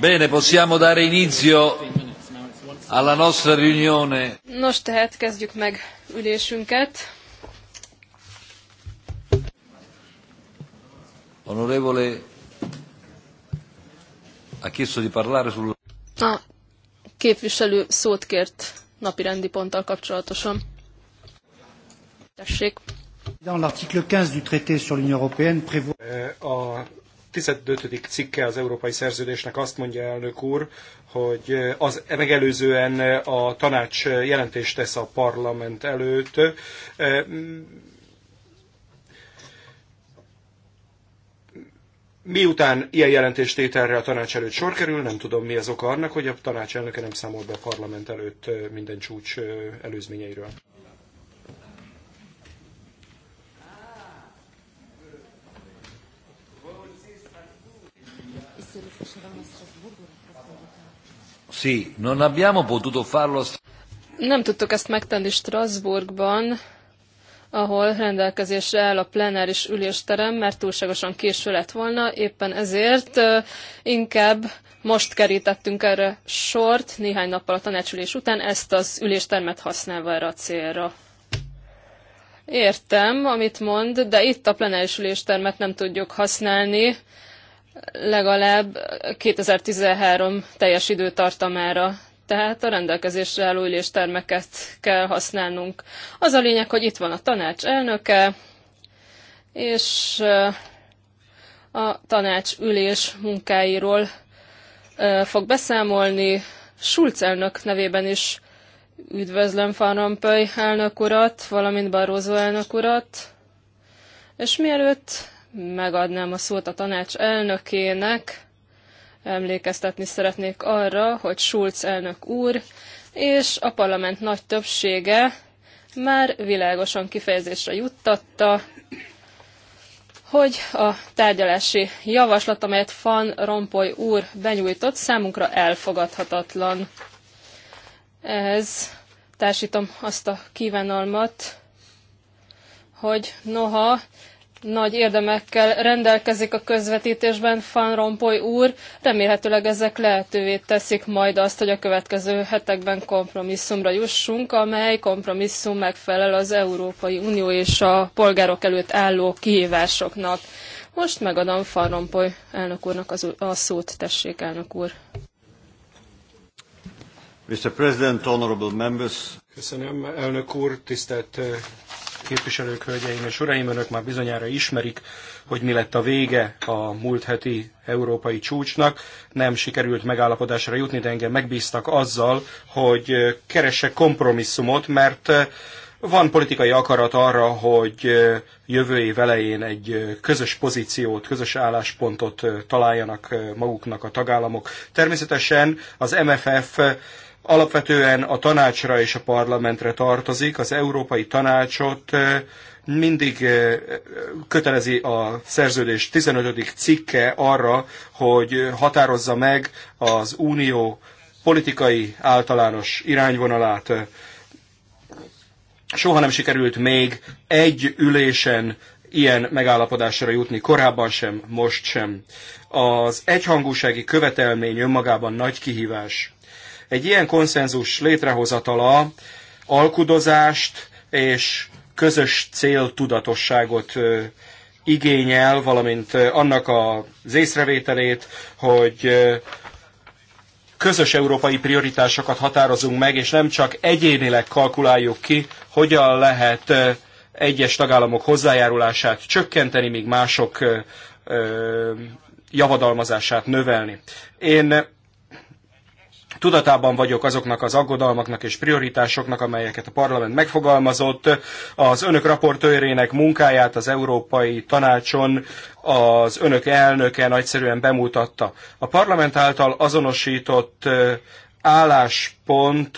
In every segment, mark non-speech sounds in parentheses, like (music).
Bene, possiamo dare inizio alla nostra riunione. Nos, tehát kezdjük meg ülésünket. Onorevole ha chiesto di parlare sul... A képviselő szót kért napi rendi ponttal kapcsolatosan. Tessék. Dans l'article 15 du traité sur l'Union européenne prévoit... Eh, a 15. cikke az Európai Szerződésnek azt mondja elnök úr, hogy az megelőzően a tanács jelentést tesz a parlament előtt. Miután ilyen jelentéstételre a tanács előtt sor kerül, nem tudom mi az oka annak, hogy a tanács elnöke nem számol be a parlament előtt minden csúcs előzményeiről. Sì, non abbiamo potuto farlo. Nem tudtuk ezt megtenni Strasbourgban, ahol rendelkezésre áll a plenáris ülésterem, mert túlságosan késő lett volna, éppen ezért inkább most kerítettünk erre sort néhány nappal a tanácsülés után, ezt az üléstermet használva erre a célra. Értem, amit mond, de itt a plenáris üléstermet nem tudjuk használni, legalább 2013 teljes időtartamára. Tehát a rendelkezésre álló üléstermeket kell használnunk. Az a lényeg, hogy itt van a tanács elnöke, és a tanács ülés munkáiról fog beszámolni. Schulz elnök nevében is üdvözlöm Van elnök urat, valamint Barroso elnök urat. És mielőtt megadnám a szót a tanács elnökének. Emlékeztetni szeretnék arra, hogy Schulz elnök úr és a parlament nagy többsége már világosan kifejezésre juttatta, hogy a tárgyalási javaslat, amelyet Fan Rompoy úr benyújtott, számunkra elfogadhatatlan. Ez társítom azt a kívánalmat, hogy noha nagy érdemekkel rendelkezik a közvetítésben Fan Rompoy úr, remélhetőleg ezek lehetővé teszik majd azt, hogy a következő hetekben kompromisszumra jussunk, amely kompromisszum megfelel az Európai Unió és a polgárok előtt álló kihívásoknak. Most megadom Fan Rompoy elnök úrnak az, a szót, tessék elnök úr. Mr. President, honorable members. Köszönöm, elnök úr, tisztelt képviselők, hölgyeim és uraim, önök már bizonyára ismerik, hogy mi lett a vége a múlt heti európai csúcsnak. Nem sikerült megállapodásra jutni, de engem megbíztak azzal, hogy keresse kompromisszumot, mert eh, van politikai akarat arra, hogy eh, jövő év elején egy eh, közös pozíciót, közös álláspontot találjanak maguknak a tagállamok. Természetesen az MFF alapvetően a tanácsra és a parlamentre tartozik. Az Európai Tanácsot eh, mindig eh, kötelezi a szerződés 15. cikke arra, hogy határozza meg az unió politikai általános irányvonalát. Soha nem sikerült még egy ülésen ilyen megállapodásra jutni, korábban sem, most sem. Az egyhangúsági követelmény önmagában nagy kihívás. Egy ilyen konszenzus létrehozatala alkudozást és közös céltudatosságot igényel, valamint annak az észrevételét, hogy közös európai prioritásokat határozunk meg, és nem csak egyénileg kalkuláljuk ki, hogyan lehet egyes tagállamok hozzájárulását csökkenteni, míg mások javadalmazását növelni. Én Tudatában vagyok azoknak az aggodalmaknak és prioritásoknak, amelyeket a parlament megfogalmazott. Az önök raportőrének munkáját az Európai Tanácson az önök elnöke nagyszerűen bemutatta. A parlament által azonosított álláspont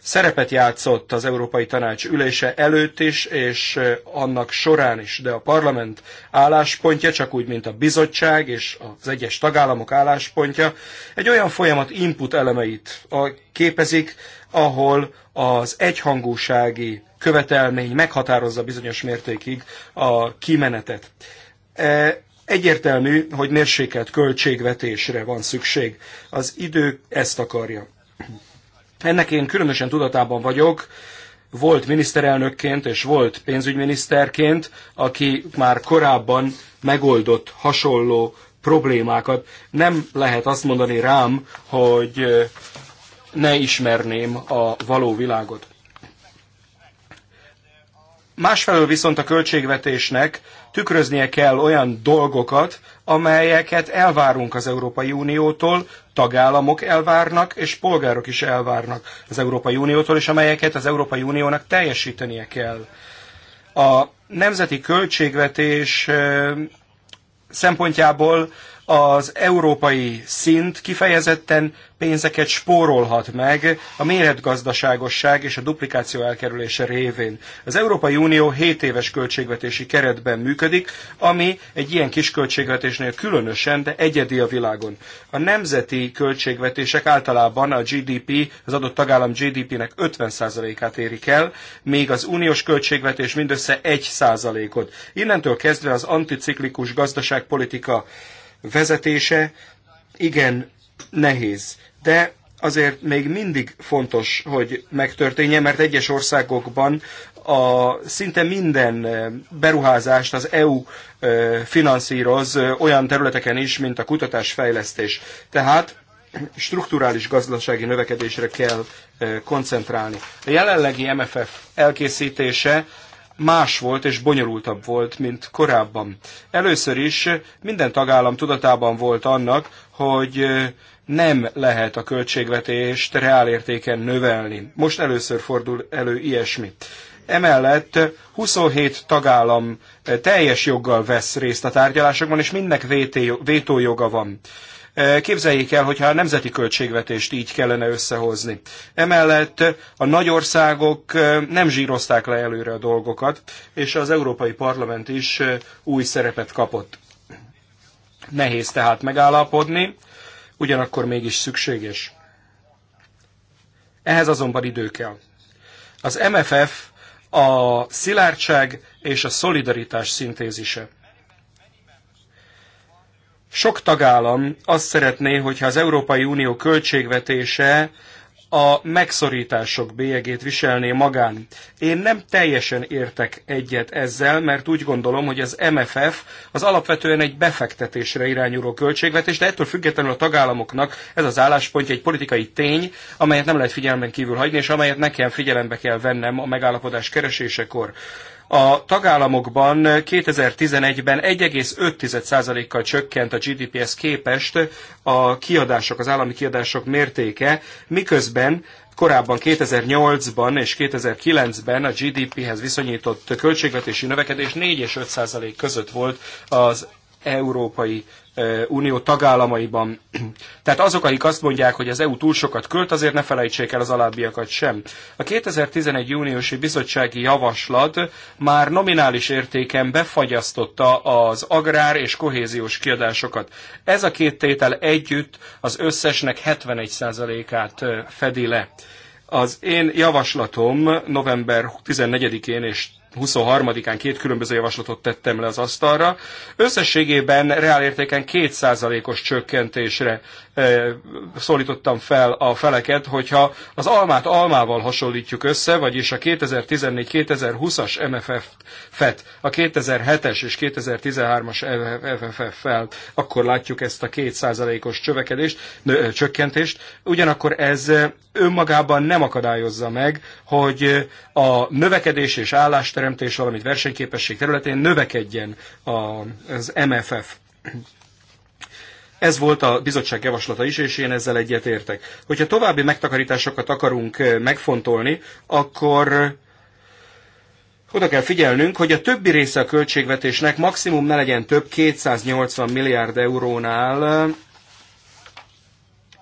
szerepet játszott az Európai Tanács ülése előtt is, és annak során is, de a parlament álláspontja, csak úgy, mint a bizottság és az egyes tagállamok álláspontja, egy olyan folyamat input elemeit képezik, ahol az egyhangúsági követelmény meghatározza bizonyos mértékig a kimenetet. E, Egyértelmű, hogy mérsékelt költségvetésre van szükség. Az idő ezt akarja. Ennek én különösen tudatában vagyok, volt miniszterelnökként és volt pénzügyminiszterként, aki már korábban megoldott hasonló problémákat. Nem lehet azt mondani rám, hogy eh, ne ismerném a való világot. Másfelől viszont a költségvetésnek tükröznie kell olyan dolgokat, amelyeket elvárunk az Európai Uniótól, tagállamok elvárnak, és polgárok is elvárnak az Európai Uniótól, és amelyeket az Európai Uniónak teljesítenie kell. A nemzeti költségvetés szempontjából az európai szint kifejezetten pénzeket spórolhat meg a méretgazdaságosság és a duplikáció elkerülése révén. Az Európai Unió 7 éves költségvetési keretben működik, ami egy ilyen kis költségvetésnél különösen, de egyedi a világon. A nemzeti költségvetések általában a GDP, az adott tagállam GDP-nek 50%-át érik el, még az uniós költségvetés mindössze 1%-ot. Innentől kezdve az anticiklikus gazdaságpolitika vezetése igen nehéz, de azért még mindig fontos, hogy megtörténje, mert egyes országokban a szinte minden beruházást az EU finanszíroz olyan területeken is, mint a kutatásfejlesztés. Tehát strukturális gazdasági növekedésre kell koncentrálni. A jelenlegi MFF elkészítése más volt és bonyolultabb volt, mint korábban. Először is minden tagállam tudatában volt annak, hogy nem lehet a költségvetést reálértéken növelni. Most először fordul elő ilyesmi. Emellett 27 tagállam teljes joggal vesz részt a tárgyalásokban, és mindnek vétójoga van. Képzeljék el, hogyha a nemzeti költségvetést így kellene összehozni. Emellett a nagy országok nem zsírozták le előre a dolgokat, és az Európai Parlament is új szerepet kapott. Nehéz tehát megállapodni, ugyanakkor mégis szükséges. Ehhez azonban idő kell. Az MFF a szilárdság és a szolidaritás szintézise. Sok tagállam azt szeretné, hogyha az Európai Unió költségvetése a megszorítások bélyegét viselné magán. Én nem teljesen értek egyet ezzel, mert úgy gondolom, hogy az MFF az alapvetően egy befektetésre irányuló költségvetés, de ettől függetlenül a tagállamoknak ez az álláspontja egy politikai tény, amelyet nem lehet figyelmen kívül hagyni, és amelyet nekem figyelembe kell vennem a megállapodás keresésekor. A tagállamokban 2011-ben 1,5%-kal csökkent a GDP-hez képest a kiadások, az állami kiadások mértéke, miközben korábban 2008-ban és 2009-ben a GDP-hez viszonyított költségvetési növekedés 4 és 5 között volt az Európai Unió tagállamaiban. Tehát azok, akik azt mondják, hogy az EU túl sokat költ, azért ne felejtsék el az alábbiakat sem. A 2011 júniusi bizottsági javaslat már nominális értéken befagyasztotta az agrár és kohéziós kiadásokat. Ez a két tétel együtt az összesnek 71%-át fedi le. Az én javaslatom november 14-én és 23-án két különböző javaslatot tettem le az asztalra. Összességében reálértéken 2%-os csökkentésre szólítottam fel a feleket, hogyha az almát almával hasonlítjuk össze, vagyis a 2014-2020-as MFF-et, a 2007-es és 2013-as MFF-fel, akkor látjuk ezt a 2%-os csövekedést, nö, csökkentést. Ugyanakkor ez önmagában nem akadályozza meg, hogy a növekedés és állásteremtés, valamint versenyképesség területén növekedjen az MFF. Ez volt a bizottság javaslata is, és én ezzel egyetértek. Hogyha további megtakarításokat akarunk megfontolni, akkor oda kell figyelnünk, hogy a többi része a költségvetésnek maximum ne legyen több 280 milliárd eurónál,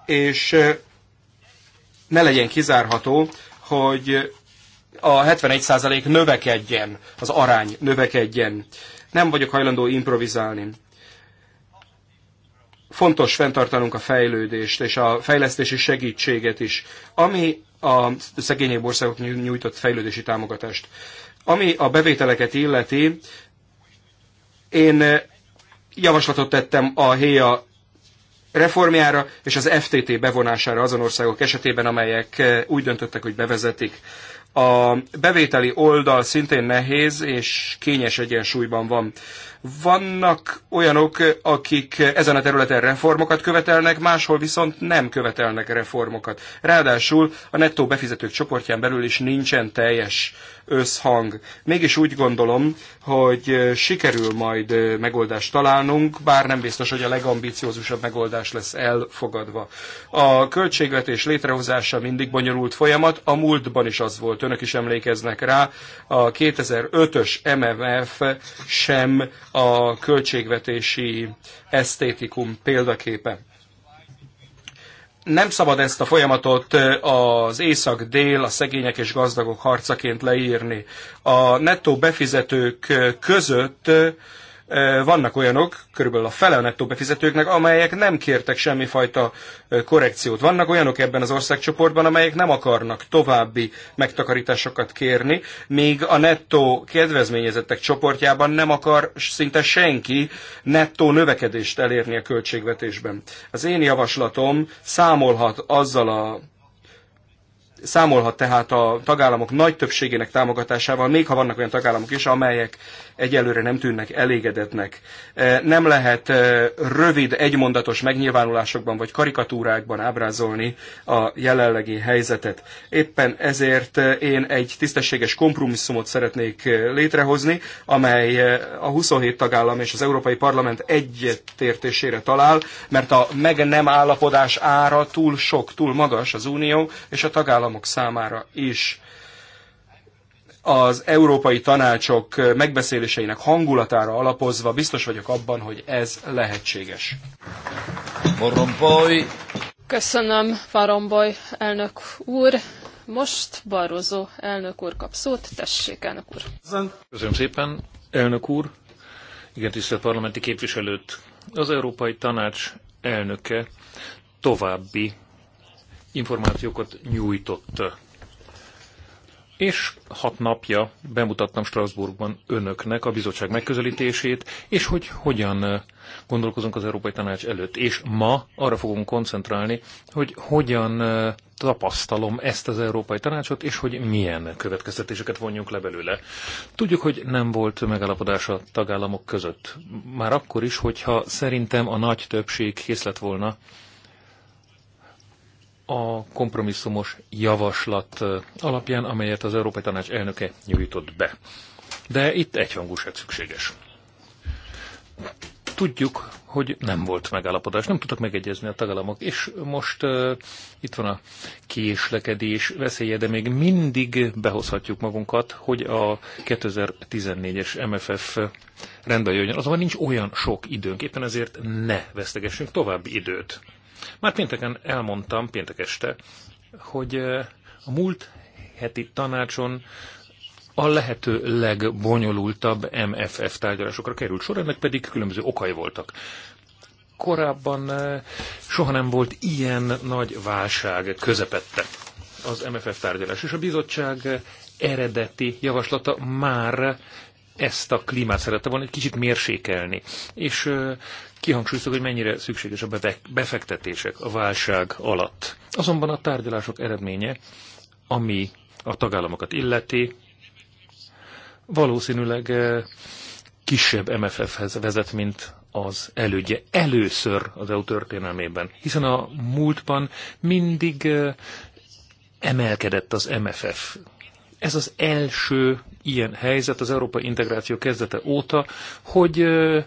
és ne legyen kizárható, hogy a 71% növekedjen, az arány növekedjen. Nem vagyok hajlandó improvizálni fontos fenntartanunk a fejlődést és a fejlesztési segítséget is, ami a szegényebb országok nyújtott fejlődési támogatást. Ami a bevételeket illeti, én eh, javaslatot tettem a HÉA e reformjára és az FTT bevonására azon országok esetében, amelyek eh, úgy döntöttek, hogy bevezetik. A bevételi oldal szintén nehéz és kényes egyensúlyban van. Vannak olyanok, akik ezen a területen reformokat követelnek, máshol viszont nem követelnek reformokat. Ráadásul a nettó befizetők csoportján belül is nincsen teljes összhang. Mégis úgy gondolom, hogy sikerül majd megoldást találnunk, bár nem biztos, hogy a legambiciózusabb megoldás lesz elfogadva. A költségvetés létrehozása mindig bonyolult folyamat, a múltban is az volt volt, önök is emlékeznek rá, a 2005-ös MMF sem a költségvetési esztétikum példaképe nem szabad ezt a folyamatot az észak-dél, a szegények és gazdagok harcaként leírni. A nettó befizetők között vannak olyanok, körülbelül a fele a nettó befizetőknek, amelyek nem kértek semmifajta korrekciót. Vannak olyanok ebben az országcsoportban, amelyek nem akarnak további megtakarításokat kérni, míg a nettó kedvezményezettek csoportjában nem akar szinte senki nettó növekedést elérni a költségvetésben. Az én javaslatom számolhat azzal a számolhat tehát a tagállamok nagy többségének támogatásával, még ha vannak olyan tagállamok is, amelyek egyelőre nem tűnnek elégedetnek. E, nem lehet e, rövid, egymondatos megnyilvánulásokban vagy karikatúrákban ábrázolni a jelenlegi helyzetet. Éppen ezért e, én egy tisztességes kompromisszumot szeretnék létrehozni, amely a 27 tagállam és az Európai Parlament egyetértésére talál, mert a meg nem állapodás ára túl sok, túl magas az Unió és a tagállam tagállamok számára is az európai tanácsok megbeszéléseinek hangulatára alapozva biztos vagyok abban, hogy ez lehetséges. Baromboy. Köszönöm, Varomboy elnök úr. Most barozó elnök úr kap szót. Tessék, elnök úr. Köszönöm szépen, elnök úr. Igen, tisztelt parlamenti képviselőt. Az Európai Tanács elnöke további információkat nyújtott. És hat napja bemutattam Strasbourgban önöknek a bizottság megközelítését, és hogy hogyan gondolkozunk az Európai Tanács előtt. És ma arra fogunk koncentrálni, hogy hogyan tapasztalom ezt az Európai Tanácsot, és hogy milyen következtetéseket vonjunk le belőle. Tudjuk, hogy nem volt megállapodás a tagállamok között. Már akkor is, hogyha szerintem a nagy többség kész lett volna a kompromisszumos javaslat alapján, amelyet az Európai Tanács elnöke nyújtott be. De itt egyhangúság szükséges. Tudjuk, hogy nem volt megállapodás, nem tudtak megegyezni a tagállamok, és most uh, itt van a késlekedés veszélye, de még mindig behozhatjuk magunkat, hogy a 2014-es MFF rendbe jöjjön. Azonban nincs olyan sok időnk, éppen ezért ne vesztegessünk további időt. Már pénteken elmondtam, péntek este, hogy a múlt heti tanácson a lehető legbonyolultabb MFF tárgyalásokra került sor, ennek pedig különböző okai voltak. Korábban soha nem volt ilyen nagy válság közepette az MFF tárgyalás, és a bizottság eredeti javaslata már ezt a klímát szerette volna egy kicsit mérsékelni, és kihangsúlyoztuk, hogy mennyire szükséges a befektetések a válság alatt. Azonban a tárgyalások eredménye, ami a tagállamokat illeti, valószínűleg eh, kisebb MFF-hez vezet, mint az elődje. Először az EU történelmében, hiszen a múltban mindig eh, emelkedett az MFF. Ez az első ilyen helyzet az európai integráció kezdete óta, hogy eh,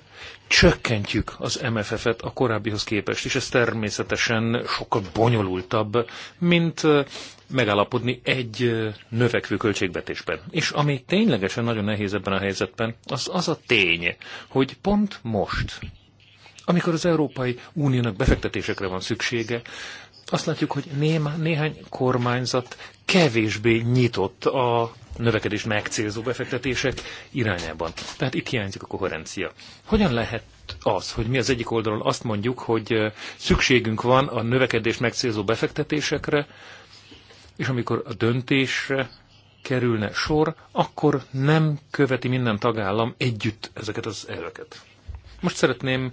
csökkentjük az MFF-et a korábbihoz képest, és ez természetesen sokkal bonyolultabb, mint megállapodni egy növekvő költségvetésben. És ami ténylegesen nagyon nehéz ebben a helyzetben, az az a tény, hogy pont most, amikor az Európai Uniónak befektetésekre van szüksége, azt látjuk, hogy néma, néhány kormányzat kevésbé nyitott a növekedés megcélzó befektetések irányában. Tehát itt hiányzik a koherencia. Hogyan lehet az, hogy mi az egyik oldalon azt mondjuk, hogy szükségünk van a növekedés megcélzó befektetésekre, és amikor a döntésre kerülne sor, akkor nem követi minden tagállam együtt ezeket az elveket. Most szeretném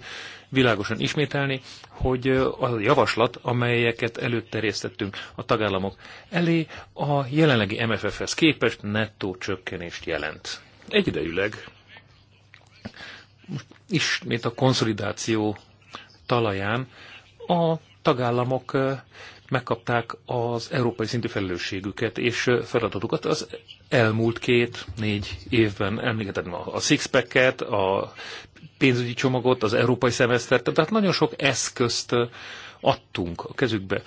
világosan ismételni, hogy az a javaslat, amelyeket előterjesztettünk a tagállamok elé, a jelenlegi MFF-hez képest nettó csökkenést jelent. Egyidejűleg ismét a konszolidáció talaján a tagállamok megkapták az európai szintű felelősségüket és feladatukat az elmúlt két-négy évben említettem a sixpacket, a pénzügyi csomagot, az európai szemesztert, tehát nagyon sok eszközt adtunk a kezükbe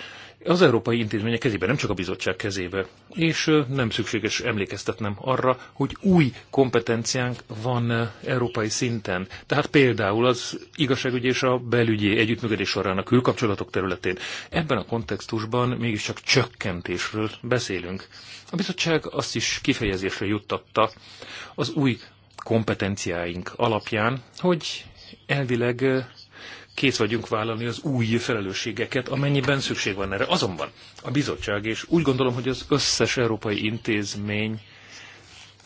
az európai intézmények kezébe, nem csak a bizottság kezébe. És nem szükséges emlékeztetnem arra, hogy új kompetenciánk van európai szinten. Tehát például az igazságügyi és a belügyi együttműködés során a külkapcsolatok területén. Ebben a kontextusban mégiscsak csökkentésről beszélünk. A bizottság azt is kifejezésre juttatta az új kompetenciáink alapján, hogy elvileg kész vagyunk vállalni az új felelősségeket, amennyiben szükség van erre. Azonban a bizottság, és úgy gondolom, hogy az összes európai intézmény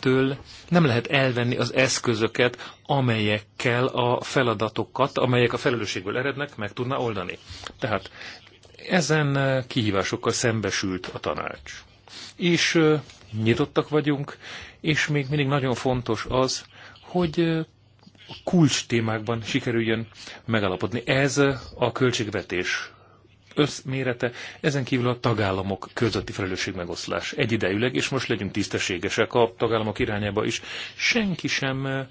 től nem lehet elvenni az eszközöket, amelyekkel a feladatokat, amelyek a felelősségből erednek, meg tudna oldani. Tehát ezen kihívásokkal szembesült a tanács. És nyitottak vagyunk, és még mindig nagyon fontos az, hogy kulcs témákban sikerüljön megalapodni. Ez a költségvetés összmérete, ezen kívül a tagállamok közötti felelősségmegoszlás egyidejűleg, és most legyünk tisztességesek a tagállamok irányába is. Senki sem eh,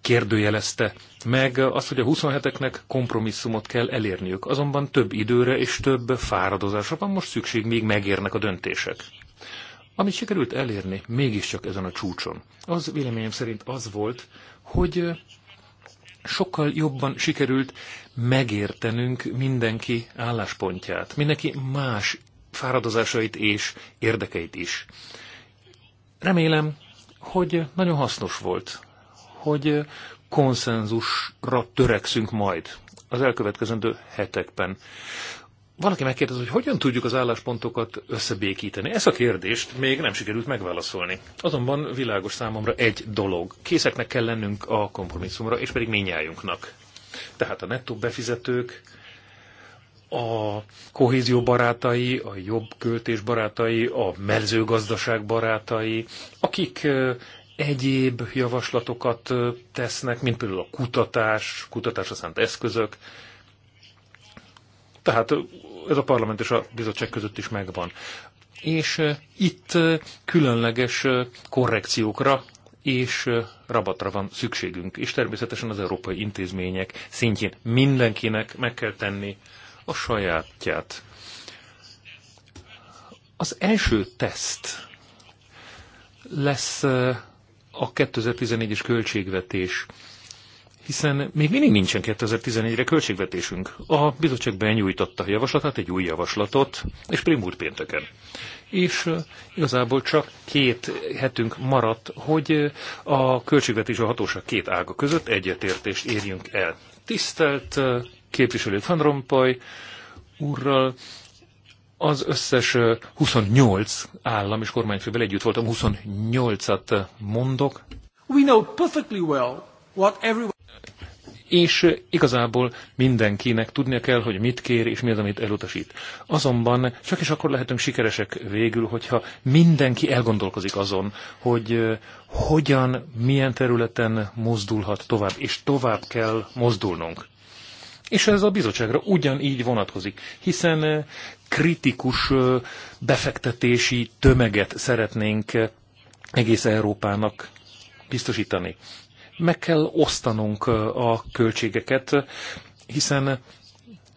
kérdőjelezte meg azt, hogy a 27-eknek kompromisszumot kell elérniük. Azonban több időre és több fáradozásra van most szükség, még megérnek a döntések. Amit sikerült elérni mégiscsak ezen a csúcson, az véleményem szerint az volt, hogy sokkal jobban sikerült megértenünk mindenki álláspontját, mindenki más fáradozásait és érdekeit is. Remélem, hogy nagyon hasznos volt, hogy konszenzusra törekszünk majd az elkövetkezendő hetekben valaki megkérdez, hogy hogyan tudjuk az álláspontokat összebékíteni. Ezt a kérdést még nem sikerült megválaszolni. Azonban világos számomra egy dolog. Készeknek kell lennünk a kompromisszumra, és pedig minnyájunknak. Tehát a nettó befizetők, a kohézió barátai, a jobb költés barátai, a mezőgazdaság barátai, akik egyéb javaslatokat tesznek, mint például a kutatás, kutatásra szánt eszközök, tehát ez a parlament és a bizottság között is megvan. És itt különleges korrekciókra és rabatra van szükségünk. És természetesen az európai intézmények szintjén mindenkinek meg kell tenni a sajátját. Az első teszt lesz a 2014-es költségvetés hiszen még mindig nincsen 2011-re költségvetésünk. A bizottság benyújtotta a javaslatát, egy új javaslatot, és primúlt pénteken. És igazából csak két hetünk maradt, hogy a költségvetés a hatóság két ága között egyetértést érjünk el. Tisztelt képviselő Van Rompuy úrral, az összes 28 állam és kormányfővel együtt voltam, 28-at mondok. We know perfectly well what everyone és igazából mindenkinek tudnia kell, hogy mit kér és mi az, amit elutasít. Azonban csak is akkor lehetünk sikeresek végül, hogyha mindenki elgondolkozik azon, hogy hogyan, milyen területen mozdulhat tovább, és tovább kell mozdulnunk. És ez a bizottságra ugyanígy vonatkozik, hiszen kritikus befektetési tömeget szeretnénk egész Európának biztosítani meg kell osztanunk a költségeket, hiszen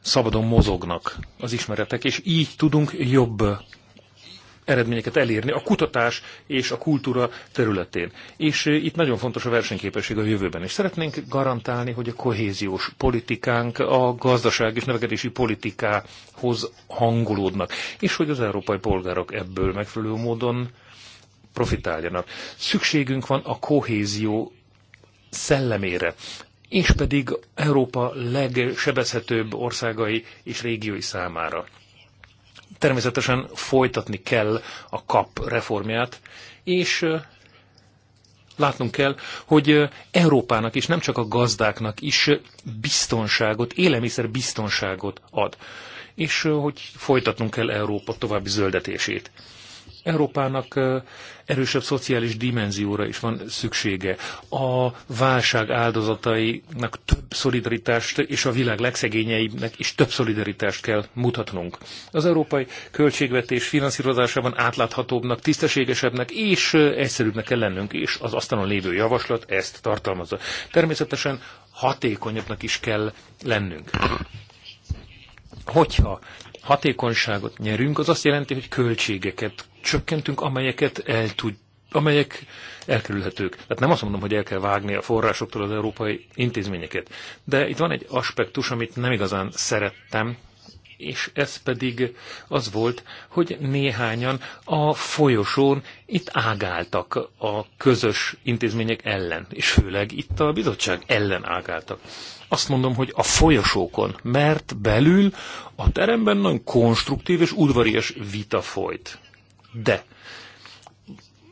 szabadon mozognak az ismeretek, és így tudunk jobb eredményeket elérni a kutatás és a kultúra területén. És itt nagyon fontos a versenyképesség a jövőben. És szeretnénk garantálni, hogy a kohéziós politikánk a gazdaság és növekedési politikához hangolódnak, és hogy az európai polgárok ebből megfelelő módon profitáljanak. Szükségünk van a kohézió szellemére, és pedig Európa legsebezhetőbb országai és régiói számára. Természetesen folytatni kell a kap reformját, és látnunk kell, hogy Európának és nem csak a gazdáknak is biztonságot, élelmiszer biztonságot ad. És hogy folytatnunk kell Európa további zöldetését. Európának erősebb szociális dimenzióra is van szüksége. A válság áldozatainak több szolidaritást, és a világ legszegényeinek is több szolidaritást kell mutatnunk. Az európai költségvetés finanszírozásában átláthatóbbnak, tisztességesebbnek és egyszerűbbnek kell lennünk, és az asztalon lévő javaslat ezt tartalmazza. Természetesen hatékonyabbnak is kell lennünk. Hogyha hatékonyságot nyerünk, az azt jelenti, hogy költségeket csökkentünk, amelyeket el tud, amelyek elkerülhetők. Tehát nem azt mondom, hogy el kell vágni a forrásoktól az európai intézményeket. De itt van egy aspektus, amit nem igazán szerettem, és ez pedig az volt, hogy néhányan a folyosón itt ágáltak a közös intézmények ellen, és főleg itt a bizottság ellen ágáltak azt mondom, hogy a folyosókon, mert belül a teremben nagyon konstruktív és udvarias vita folyt. De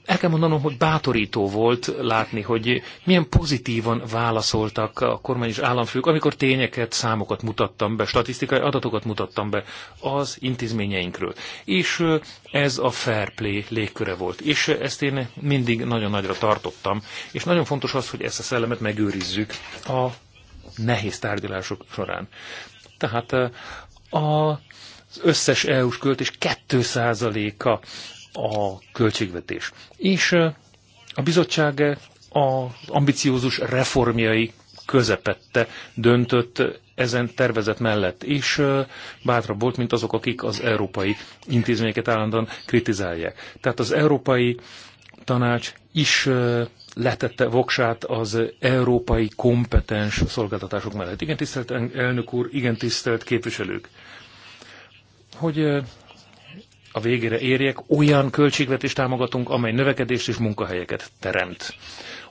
el kell mondanom, hogy bátorító volt látni, hogy milyen pozitívan válaszoltak a kormány és államfők, amikor tényeket, számokat mutattam be, statisztikai adatokat mutattam be az intézményeinkről. És ez a fair play légköre volt. És ezt én mindig nagyon nagyra tartottam. És nagyon fontos az, hogy ezt a szellemet megőrizzük a nehéz tárgyalások során. Tehát eh, az összes EU-s költés 2%-a a költségvetés. És eh, a bizottság az ambiciózus reformjai közepette döntött ezen tervezet mellett, és eh, bátrabb volt, mint azok, akik az európai intézményeket állandóan kritizálják. Tehát az európai tanács is letette voksát az európai kompetens szolgáltatások mellett. Igen, tisztelt elnök úr, igen, tisztelt képviselők. Hogy a végére érjek, olyan költségvetést támogatunk, amely növekedést és munkahelyeket teremt.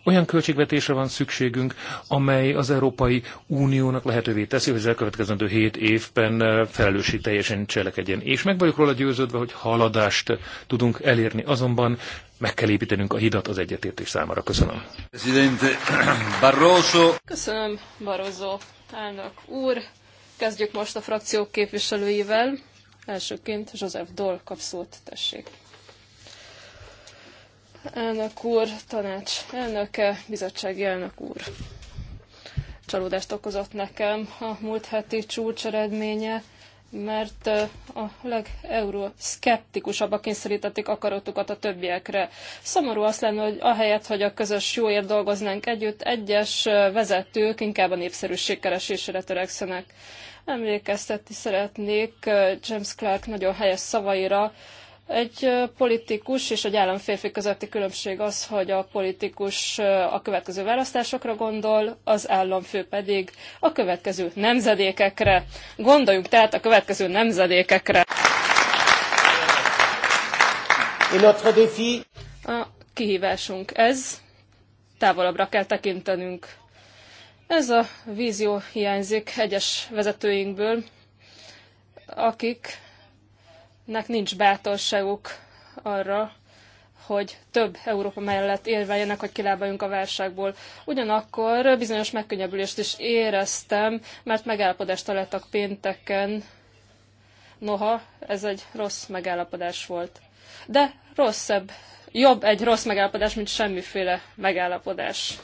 Olyan költségvetésre van szükségünk, amely az Európai Uniónak lehetővé teszi, hogy az elkövetkezendő hét évben eh, felelősség teljesen cselekedjen. És meg vagyok róla győződve, hogy haladást tudunk elérni, azonban meg kell építenünk a hidat az egyetértés számára. Köszönöm. (clears throat) Köszönöm, Barozó elnök úr. Kezdjük most a frakciók képviselőivel. Elsőként József Dol kap szót, tessék elnök úr, tanács elnöke, bizottsági elnök úr. Csalódást okozott nekem a múlt heti csúcs eredménye, mert eh, a legeuroszkeptikusabbak kényszerítették akaratukat a többiekre. Szomorú azt lenne, hogy ahelyett, hogy a közös jóért dolgoznánk együtt, egyes eh, vezetők inkább a népszerűség keresésére törekszenek. Emlékeztetni szeretnék eh, James Clark nagyon helyes szavaira, egy politikus és egy államférfi közötti különbség az, hogy a politikus a következő választásokra gondol, az államfő pedig a következő nemzedékekre. Gondoljunk tehát a következő nemzedékekre. A kihívásunk ez, távolabbra kell tekintenünk. Ez a vízió hiányzik egyes vezetőinkből, akik nek nincs bátorságuk arra, hogy több Európa mellett érveljenek, hogy kilábaljunk a válságból. Ugyanakkor bizonyos megkönnyebbülést is éreztem, mert megállapodást találtak pénteken. Noha, ez egy rossz megállapodás volt. De rosszabb, jobb egy rossz megállapodás, mint semmiféle megállapodás.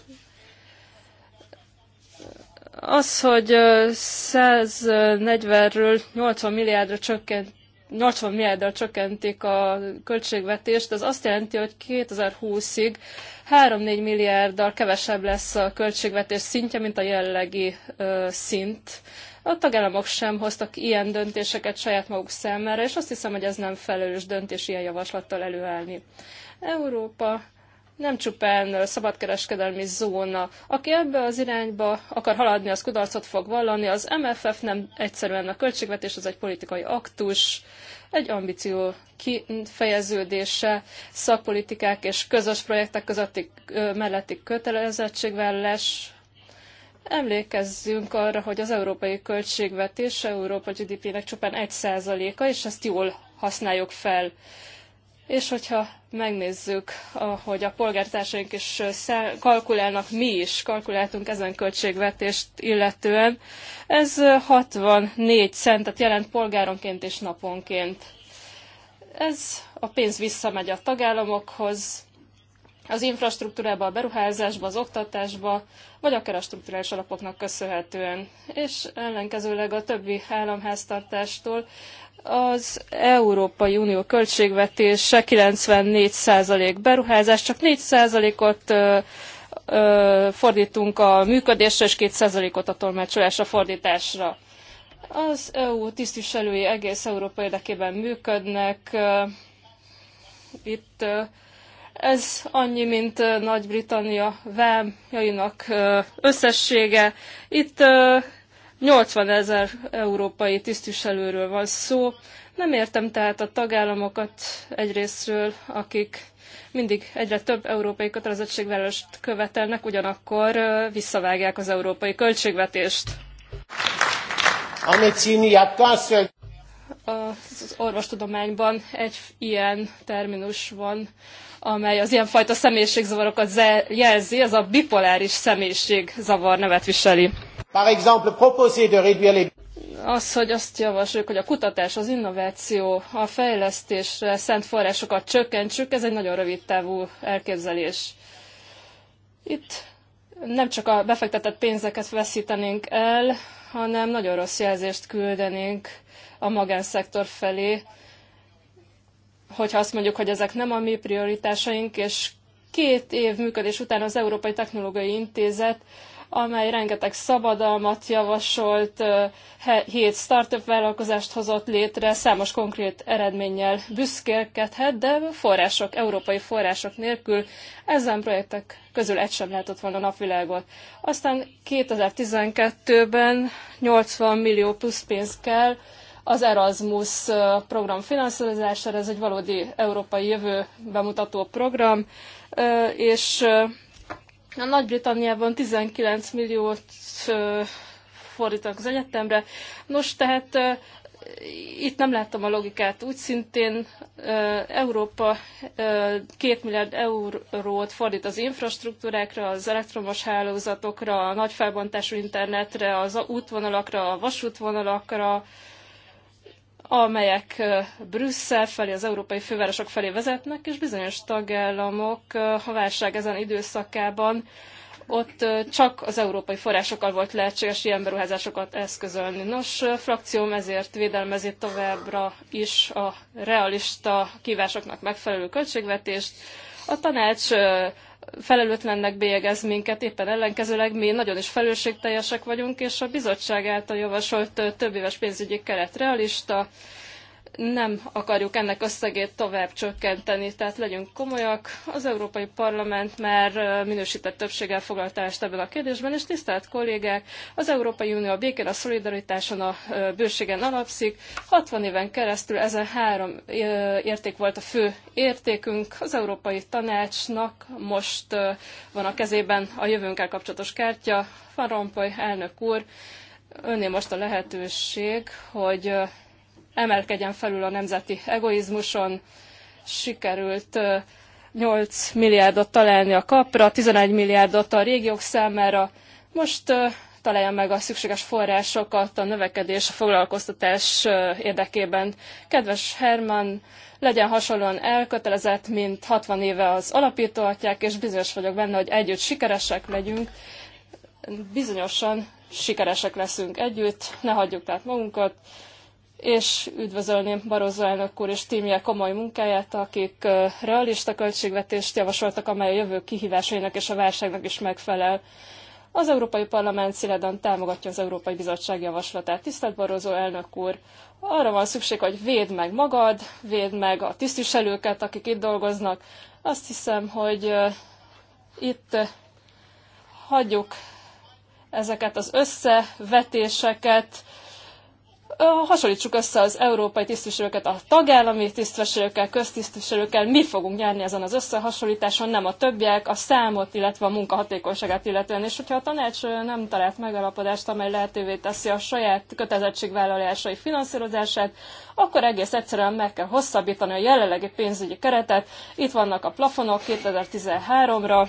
Az, hogy 140-ről 80 milliárdra csökkent 80 milliárddal csökkentik a költségvetést, az azt jelenti, hogy 2020-ig 3-4 milliárddal kevesebb lesz a költségvetés szintje, mint a jelenlegi ö, szint. A tagállamok sem hoztak ilyen döntéseket saját maguk számára, és azt hiszem, hogy ez nem felelős döntés ilyen javaslattal előállni. Európa nem csupán szabadkereskedelmi zóna. Aki ebbe az irányba akar haladni, az kudarcot fog vallani. Az MFF nem egyszerűen a költségvetés, az egy politikai aktus, egy ambíció kifejeződése, szakpolitikák és közös projektek közötti melletti kötelezettségvállás. Emlékezzünk arra, hogy az európai költségvetés Európa GDP-nek csupán 1%-a, és ezt jól használjuk fel és hogyha megnézzük, hogy a polgártársaink is kalkulálnak, mi is kalkuláltunk ezen költségvetést illetően, ez 64 centet jelent polgáronként és naponként. Ez a pénz visszamegy a tagállamokhoz, az infrastruktúrába, a beruházásba, az oktatásba, vagy akár a strukturális alapoknak köszönhetően. És ellenkezőleg a többi államháztartástól az Európai Unió költségvetése 94% beruházás, csak 4%-ot fordítunk a működésre, és 2%-ot a tolmácsolásra, fordításra. Az EU tisztviselői egész Európa érdekében működnek. Itt ez annyi, mint Nagy-Britannia vámjainak összessége. Itt 80 ezer európai tisztviselőről van szó. Nem értem tehát a tagállamokat egyrésztről, akik mindig egyre több európai kötelezettségvállalást követelnek, ugyanakkor visszavágják az európai költségvetést. Hát az orvostudományban egy ilyen terminus van, amely az ilyenfajta személyiségzavarokat jelzi, ez a bipoláris személyiségzavar nevet viseli. Par exemple, proposer de réduire les az, hogy azt javasoljuk, hogy a kutatás, az innováció, a fejlesztésre szent forrásokat csökkentsük, ez egy nagyon rövid távú elképzelés. Itt nem csak a befektetett pénzeket veszítenénk el, hanem nagyon rossz jelzést küldenénk a magánszektor felé, hogyha azt mondjuk, hogy ezek nem a mi prioritásaink, és két év működés után az Európai Technológiai Intézet, amely rengeteg szabadalmat javasolt, hét startup vállalkozást hozott létre, számos konkrét eredménnyel büszkélkedhet, de források, európai források nélkül ezen projektek közül egy sem lehetett volna napvilágot. Aztán 2012-ben 80 millió plusz pénz kell, az Erasmus program finanszírozására, ez egy valódi európai jövő bemutató program, és a Nagy-Britanniában 19 milliót fordítanak az egyetemre. Nos, tehát itt nem láttam a logikát. Úgy szintén Európa két milliárd eurót fordít az infrastruktúrákra, az elektromos hálózatokra, a nagy felbontású internetre, az útvonalakra, a vasútvonalakra, amelyek Brüsszel felé, az európai fővárosok felé vezetnek, és bizonyos tagállamok a válság ezen időszakában ott csak az európai forrásokkal volt lehetséges ilyen beruházásokat eszközölni. Nos, frakcióm ezért védelmezi továbbra is a realista kívásoknak megfelelő költségvetést. A tanács felelőtlennek bélyegez minket, éppen ellenkezőleg mi nagyon is felelősségteljesek vagyunk, és a bizottság által javasolt több éves pénzügyi keret realista, nem akarjuk ennek összegét tovább csökkenteni, tehát legyünk komolyak. Az Európai Parlament már minősített többséggel foglalta ezt ebben a kérdésben, és tisztelt kollégák, az Európai Unió a békén, a szolidaritáson, a bőségen alapszik. 60 éven keresztül ezen három érték volt a fő értékünk. Az Európai Tanácsnak most van a kezében a jövőnkkel kapcsolatos kártya. Van Rompuy elnök úr, önné most a lehetőség, hogy emelkedjen felül a nemzeti egoizmuson. Sikerült 8 milliárdot találni a kapra, 11 milliárdot a régiók számára. Most találja meg a szükséges forrásokat a növekedés, a foglalkoztatás érdekében. Kedves Herman, legyen hasonlóan elkötelezett, mint 60 éve az alapítóatyák, és bizonyos vagyok benne, hogy együtt sikeresek legyünk. Bizonyosan sikeresek leszünk együtt, ne hagyjuk tehát magunkat és üdvözölném Barozó elnök úr és tímje komoly munkáját, akik realista költségvetést javasoltak, amely a jövő kihívásainak és a válságnak is megfelel. Az Európai Parlament szilárdan támogatja az Európai Bizottság javaslatát. Tisztelt Barozó elnök úr, arra van szükség, hogy védd meg magad, védd meg a tisztviselőket, akik itt dolgoznak. Azt hiszem, hogy itt hagyjuk ezeket az összevetéseket, hasonlítsuk össze az európai tisztviselőket a tagállami tisztviselőkkel, köztisztviselőkkel, mi fogunk nyerni ezen az összehasonlításon, nem a többiek, a számot, illetve a munka hatékonyságát illetően. És hogyha a tanács nem talált megalapodást, amely lehetővé teszi a saját kötelezettségvállalásai finanszírozását, akkor egész egyszerűen meg kell hosszabbítani a jelenlegi pénzügyi keretet. Itt vannak a plafonok 2013-ra.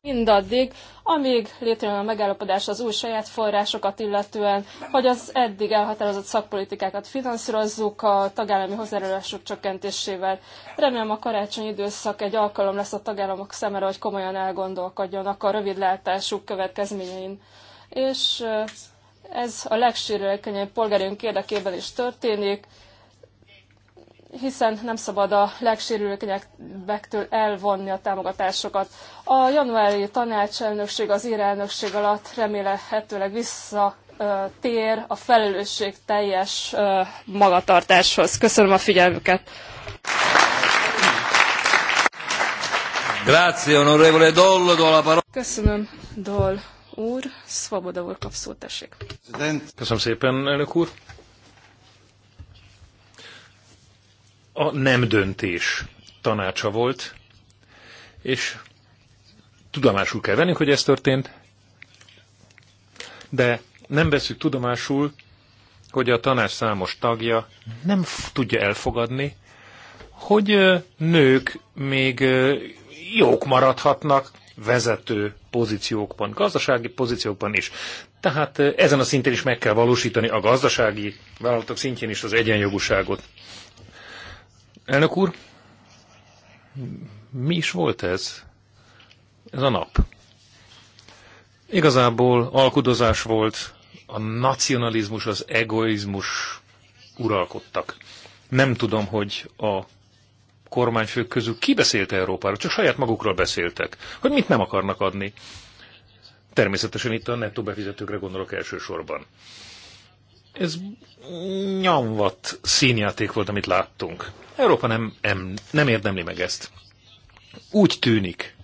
Mindaddig, amíg létrejön a megállapodás az új saját forrásokat illetően, hogy az eddig elhatározott szakpolitikákat finanszírozzuk a tagállami hozzájárulások csökkentésével. Remélem a karácsony időszak egy alkalom lesz a tagállamok szemére, hogy komolyan elgondolkodjanak a rövidlátásuk következményein. És ez a legsérülékenyebb polgárunk érdekében is történik, hiszen nem szabad a legsérülékenyebbektől elvonni a támogatásokat. A januári tanácselnökség, az írelnökség alatt remélhetőleg visszatér a felelősség teljes magatartáshoz. Köszönöm a figyelmüket! Grazie, onorevole Dollo, do la parola. Köszönöm, Dol úr. Svoboda úr kap szót, tessék. Köszönöm szépen, elnök úr. A nem döntés tanácsa volt, és tudomásul kell vennünk, hogy ez történt, de nem veszük tudomásul, hogy a tanács számos tagja nem tudja elfogadni, hogy nők még jók maradhatnak, vezető pozíciókban, gazdasági pozíciókban is. Tehát eh, ezen a szinten is meg kell valósítani a gazdasági vállalatok szintjén is az egyenjogúságot. Elnök úr, mi is volt ez? Ez a nap. Igazából alkudozás volt, a nacionalizmus, az egoizmus uralkodtak. Nem tudom, hogy a kormányfők közül ki beszélt Európáról, csak saját magukról beszéltek, hogy mit nem akarnak adni. Természetesen itt a nettó befizetőkre gondolok elsősorban. Ez nyomvat színjáték volt, amit láttunk. Európa nem, nem nem érdemli meg ezt. Úgy tűnik,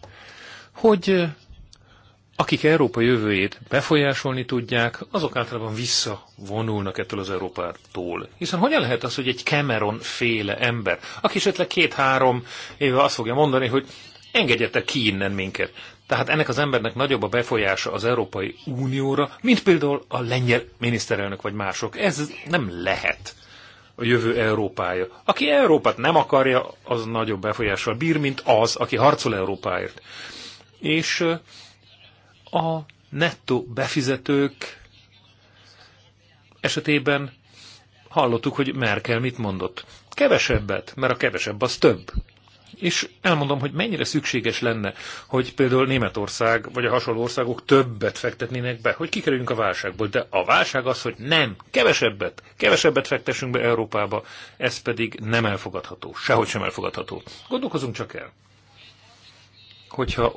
hogy akik Európa jövőjét befolyásolni tudják, azok általában visszavonulnak ettől az Európától. Hiszen hogyan lehet az, hogy egy Cameron féle ember, aki esetleg két-három éve azt fogja mondani, hogy engedjetek ki innen minket. Tehát ennek az embernek nagyobb a befolyása az Európai Unióra, mint például a lengyel miniszterelnök vagy mások. Ez nem lehet a jövő Európája. Aki Európát nem akarja, az nagyobb befolyással bír, mint az, aki harcol Európáért. És a nettó befizetők esetében hallottuk, hogy Merkel mit mondott. Kevesebbet, mert a kevesebb az több. És elmondom, hogy mennyire szükséges lenne, hogy például Németország vagy a hasonló országok többet fektetnének be, hogy kikerüljünk a válságból. De a válság az, hogy nem, kevesebbet, kevesebbet fektessünk be Európába, ez pedig nem elfogadható, sehogy sem elfogadható. Gondolkozunk csak el. Hogyha